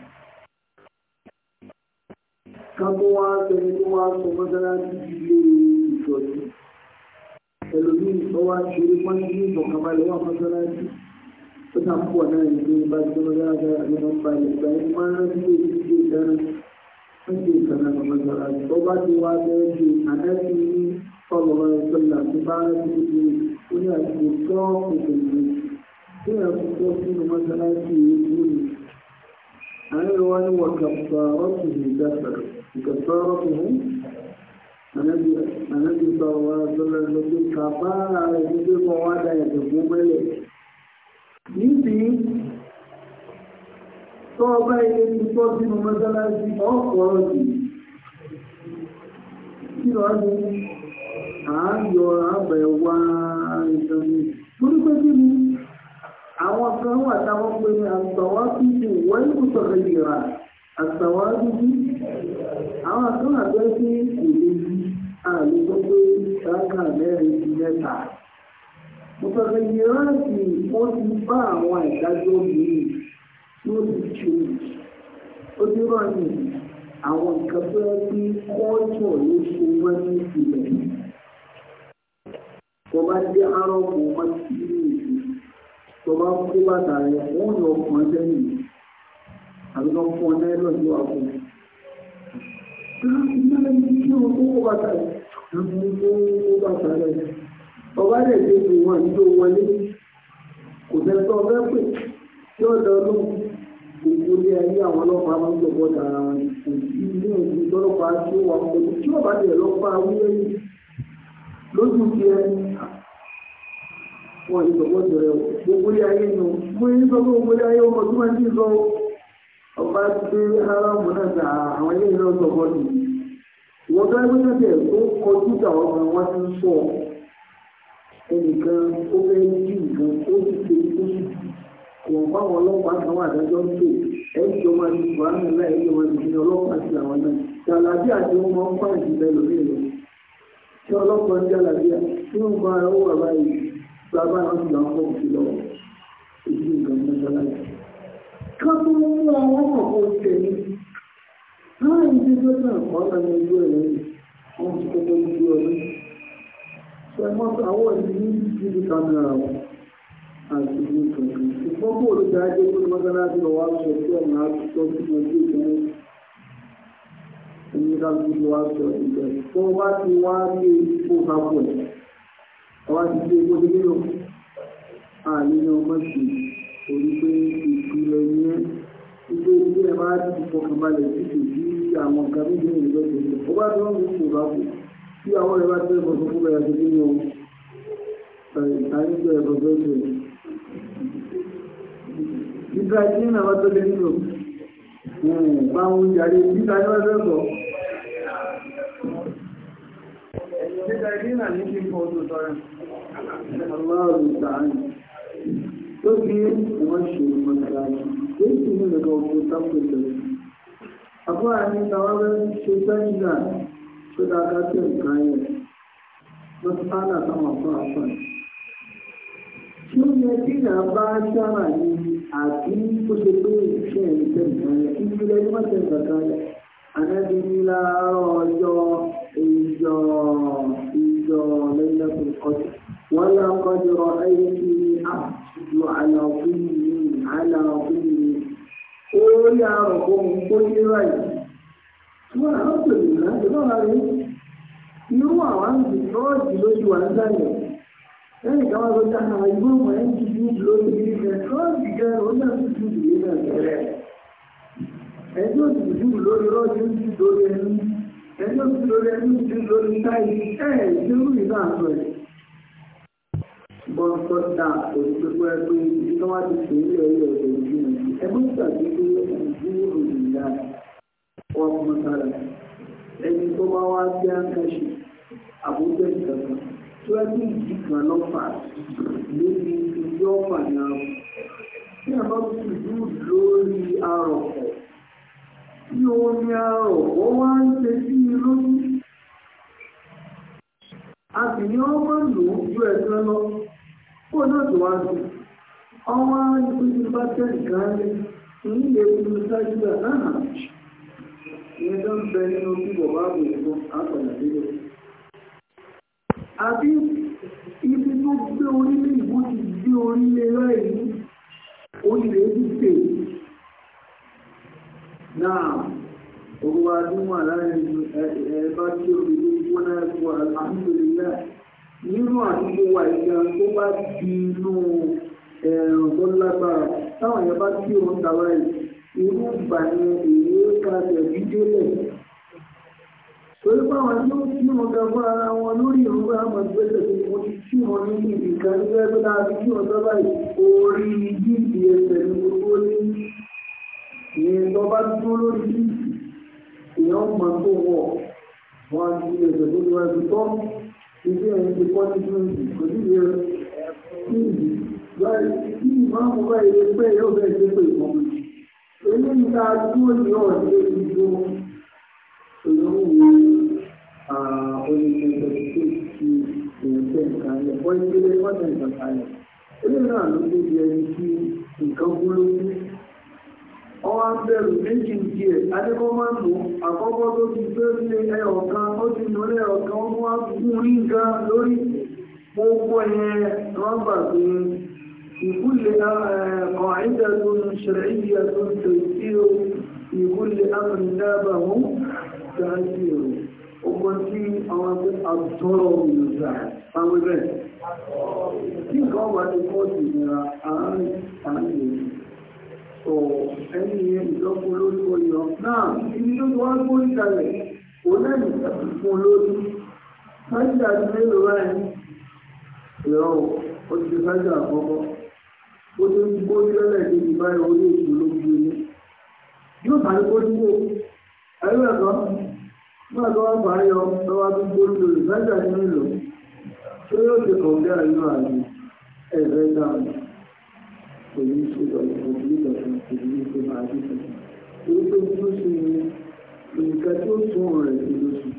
kan tó wá tẹni tó wá sọ mọ́sálásí ilé ìsọ̀tí ẹlòmí ìsọwá ṣeré wọ́n ní ìfọ̀kànbalẹ̀ wà mọ́sálásí ó ta púpọ̀ náà ní pé bá ti mọ́sálásí àti wọn balẹ̀ ìgbà yẹn máa ń rántí lè ti ṣe ìdáná wọ́n ti ìkànnà ní mọ́sálásí tó bá ti wá bẹ́ẹ̀ ṣe àdáṣe ní ọlọ́wọ́ ìṣọ̀lá tó bá rántí lè ṣe ó ní àti ìkọ̀sọ́rọ̀kùnrin ànábì sọ ọ̀rọ̀ sọ́lọ́ lọ́gbẹ́ kàfàrà rẹ̀ gbígbé kọ́ wá da ẹ̀sùn fún pẹ́lẹ̀ níbi tó ọba ilé ti tọ́ sínú mọ́sálásí ọ̀pọ̀ ọ̀dì kí lọ́ọ́ ní àáyọ àbẹ̀ wá ìtọ́ni torí pé kí ni àwọn kan wà táwọn pé àtàwọn fífi wọ́n ìkùsọ̀rọ̀ ìlera àtàwọn fífi àwọn àtúnà tó sí ìlú àmì tó pé ṣáàkà mẹ́rin ti mẹ́ta mọ̀tàkì ìrántí wọ́n ti bá àwọn ìdájọ́ mìíràn tí ó ti ṣe ó ti rán ní àwọn nǹkan tó yẹ kí kọ́ọ̀tù ló ṣe wọ́n ní ìpìlẹ̀ tó bá dé arọ́pò wọn sí ilé ìlú tó bá kó bàtà rẹ̀ wọ́n yọ ọkàn sẹ́yìn àbí wọ́n fún ọ náírà ní wàá ọba lè dé ìlú wọn tó wọlé kò tẹ́tọ́ ọbẹ̀ pè tí ó dán lóhùn gbogbo ilé ayé àwọn ọlọ́pàá máa ń jọ̀bọ̀ dára wọn kò sí ilé ìlú tọ́lọ́pàá tí ó wà pẹ̀lú tí ọba lè lọ́pàá wúlé yìí lójú ti ẹ wọn ìjọ̀bọ̀ jẹrẹ gbogbo ilé ayé nu mo ń sọ pé gbogbo ilé ayé ọmọ tó máa ń dín sọ ọba gbé haramu náà ta àwọn ilé ìlú ọ̀sọ̀ bọ́ ni wọ́n tó ẹgbẹ́ náà tẹ̀ tó kọjú ìjà ọ̀gbìn wọn ti ń pọ̀ ẹnìkan ó fẹ́ jí nǹkan ó sì ṣe ikú wọn bá wọn ọlọ́pàá kan wà dájọ́ ń pè ẹ jọ máa ní buhari láì ẹjọ́ máa ní ọlọ́pàá sí àwọn náà jàlábí àti wọn máa ń pa ìdílé lórí ẹ̀rọ tí ọlọ́pàá ń jàlábí tí wọn bá ara ó wà báyìí bàbá àwọn ti là ń pọ̀ sí lọ ìdí nǹkan mọ́ṣáláṣí ká mú àwọn ọmọ òṣèlú ní láàrin tí ó náà kọ́ ọ̀nà ojú ẹ̀rẹ́ wọn ti kọ́kọ́ ojú ọdún ṣe mọ́ àwọ̀ ìlú ìdílé kámẹ́rà wọn àti ìlú tuntun ṣùgbọ́n bó ló dáa jẹ́ pé mọ́sálásí lọ wá sọ sí ọ̀nà àtúntò tí mo dé ìtẹ́lẹ̀ ẹni ká wá sọ ìbẹ̀ tó bá ti wá ní ipò kápọ̀ ẹ̀ ọba ti dé ipò tó nílò àníyàn torí pé ìpìlẹ̀ yẹn ibi tí ẹ bá ti fọkànbalẹ̀ tí kò sí àwọn nǹkan tó dín ìlú lọ́sẹ̀ tó ó bá tó ń kó bá kú tí àwọn ẹ̀ bá tẹ́ ẹ̀fọ́ tó kúbẹ̀ ẹ̀ tó dín yẹn àyíkọ̀ ẹ̀fọ́ tó tẹ̀. Ìgbà tí ń àwọn tó lé nínú bá ń jàre nígbà yóò fẹ́ sọ. Ìgbà tí ń àní kí n kọ́ ọdún sọ́rọ̀. Aláàrùn sàánì tó bí wọ́n ṣe mọ̀tàlá èyí sì ní ìrẹ̀kọ̀ òkú tápẹ̀lẹ̀ àbúrò àní táwọn bẹ́ẹ̀ ṣe sẹ́yìnà tó dáadáa tẹ̀ nǹkan yẹn lọ́sánà táwọn àbúrò àpọ̀ tí ó yẹ kí ìyá bá sára ní àbí ó ṣe pé iṣẹ́ ẹ̀rí tẹ̀ nǹkan yẹn kí ilé ẹni má tẹ̀ nǹkan yẹn ànábi ọjọ́ ìjọ ìjọ lẹ́yìn lẹ́kùn kọ́tù wọ́n lọ́kọ́ jọ ẹ̀yìn kí àpò ju àlàfin mi àlàfin mi ó yà rọ̀ kó ń kó yé báyìí wọ́n á pè mí láti lọ́la rí irú àwọn àǹtí tọ́ọ̀tì lójú wa ń sàlẹ̀ lẹ́yìn ká wọ́n lọ́jà àwọn ìlú ọmọ ẹ̀ ń ti bí lórí ilé rẹ̀ tọ́ọ̀tì gan ó náà ti ti ìwé náà tẹ́lẹ̀ ẹjọ́ ti ti dùn lórí rọ́ọ̀tì ń ti lórí ẹnu ẹjọ́ ti lórí ẹnu ti lórí táyì ẹ̀ ṣerú ìlú àtọ̀ ẹ̀ bọ́ńtọ́ta òṣìṣẹ́ ẹgbẹ́ ibi tó wá ti fi ilé ẹ̀yẹ ọ̀dọ̀ ojú mi ẹgbẹ́ ìgbàgbé pé ìdílé òyìnbá wọn mọ sára ẹni tó bá wá bí àǹkàṣe àbújá ìjọba tó ẹgbẹ́ ìdí kan lọ́fà lórí ìdí ọ̀fà náà tí a bá ti dúró lórí arọ̀pọ̀ tí omi arọ̀pọ̀ wá ń ṣe sí lórí a sì ní ọmọ lò ó ju kó náà tó wá sí ọmọ ikú ti bá tẹ́ nǹkan rí ní ilé ìlú sájúgbà náà ìyẹn tó ń bẹ nínú bíbọ̀ bá bò fún àpàdà nílò àbí ibi tó gbé orílẹ̀ ìbò ti gbé orílẹ̀ láìní orílẹ̀ èdè tè náà owó adúmọ̀ láàrin ẹ̀ẹ́bá tí orílẹ̀ ìgbóná ẹ̀kọ́ alhamdulillah nínú àdúgbò wa ìgbà tó bá di inú ẹ̀rùn tó lágbára táwọn èèyàn bá tí òun tàwa ẹ̀ irú ìgbà yẹn èyí ká tẹ̀bí délẹ̀ torí báwọn tí ó tí wọn ga fún ara wọn lórí ìrún bá wọn gbẹ́sẹ̀ tó wọn ti tí wọn ní ìdìkan nígbà tó dáa bí kí wọn sábà orí jíìpì ẹsẹ̀ ní gbogbo ní ìyẹn tó dúró lórí jíìpì èèyàn mọ̀ tó wọ̀ wọn ti ẹsẹ̀ tó tọ́ ilé ẹni ti kọ́ nínú ìgbòdì rẹ̀ kí ìdí kí ìmáàmù bá ilé pé yóò bẹ̀ ṣe pé ìmọ̀ eléyìí tá a dúró ní ọ̀dẹ́ ìjọ ìlú oníṣẹ́ṣẹ́ tó ti ìrìnsẹ̀ ìkàlẹ̀ wọ́n ti lé wọ́n ti ìkàlẹ̀ eléyìí náà ló dé di ẹni tí nǹkan gbólóhùn ọwá ń bẹ̀rù méjì ìdí ẹ̀ adékọ́mọ́nù àkọ́kọ́ tó ti tó ní ẹyọ̀kan ó ti nù lẹ́yọ̀kan ó wá gún rí gan lórí gbogbo ẹ̀yẹn rọ́bà pé ìkúlẹ̀ ọ̀hìndà tó ń ṣẹ̀rẹ̀ ìyá tó ń tẹ̀ sí o ìkúlẹ̀ amìndábà mú dájú o ogun tí àwọn abẹ́ àtọ́rọ̀ òyìnbá pàwẹ́ bẹ́ẹ̀ tí nǹkan wà ní kọ́ọ̀tù ìnira àárín àárín tó ẹni ìlọ́pọ̀ olórí oyè náà ibi tó wọ́n kó ìkàlẹ̀ kò náà ìtàkì fún olórí sájà ti mélòó báyìí ìrọ̀ ó ti sájà àkọ́kọ́ ó ti ń gbó lọ́lẹ̀ kejì báyìí orí ètò ló gbé ní yóò bá ní kóríkó ẹ̀rọ ẹ̀kọ́ nígbà tó wá bá yọ lọ́wọ́ tó gbóríkó rẹ̀ sájà ti ẹ̀rẹ́ dáadáa político, da República, político, mágico. Eu penso assim, nǹkan tó sún ọ̀rẹ́ sí lóṣù.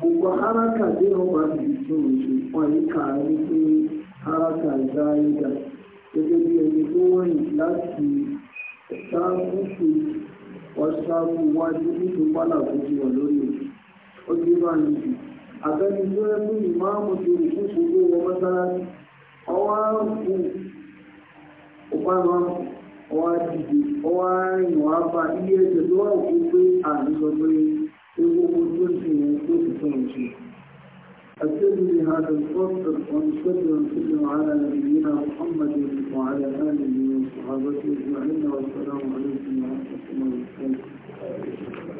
Gbogbo haraka dé ọba ti sún oṣù wọn yìí kà á ní pé haraka ìdá ìdá gẹ́gẹ́ bí ẹni tó wọ̀nyí láti ṣáàbù pé ọ̀ṣáàbù wájú nítorí wàhálà tó ti wà lórí òṣù. Ó ti bá ń jù. Àtẹnudọ́ ẹgbẹ́ ìmáàmù ti rìn fún gbogbo wọn mọ́sálásí. Ọwọ́ àrùn ọ̀pára ọwá dìde ọwá rìn wá bá ilé ẹ̀jẹ̀ tó wà òkú pé àdúgbò pé ewúro tó sì ń tó sì tó ń ṣe. أكتب هذا الفصل ونشكر كل على نبينا محمد وعلى آله وصحابته أجمعين والسلام عليكم ورحمة الله وبركاته.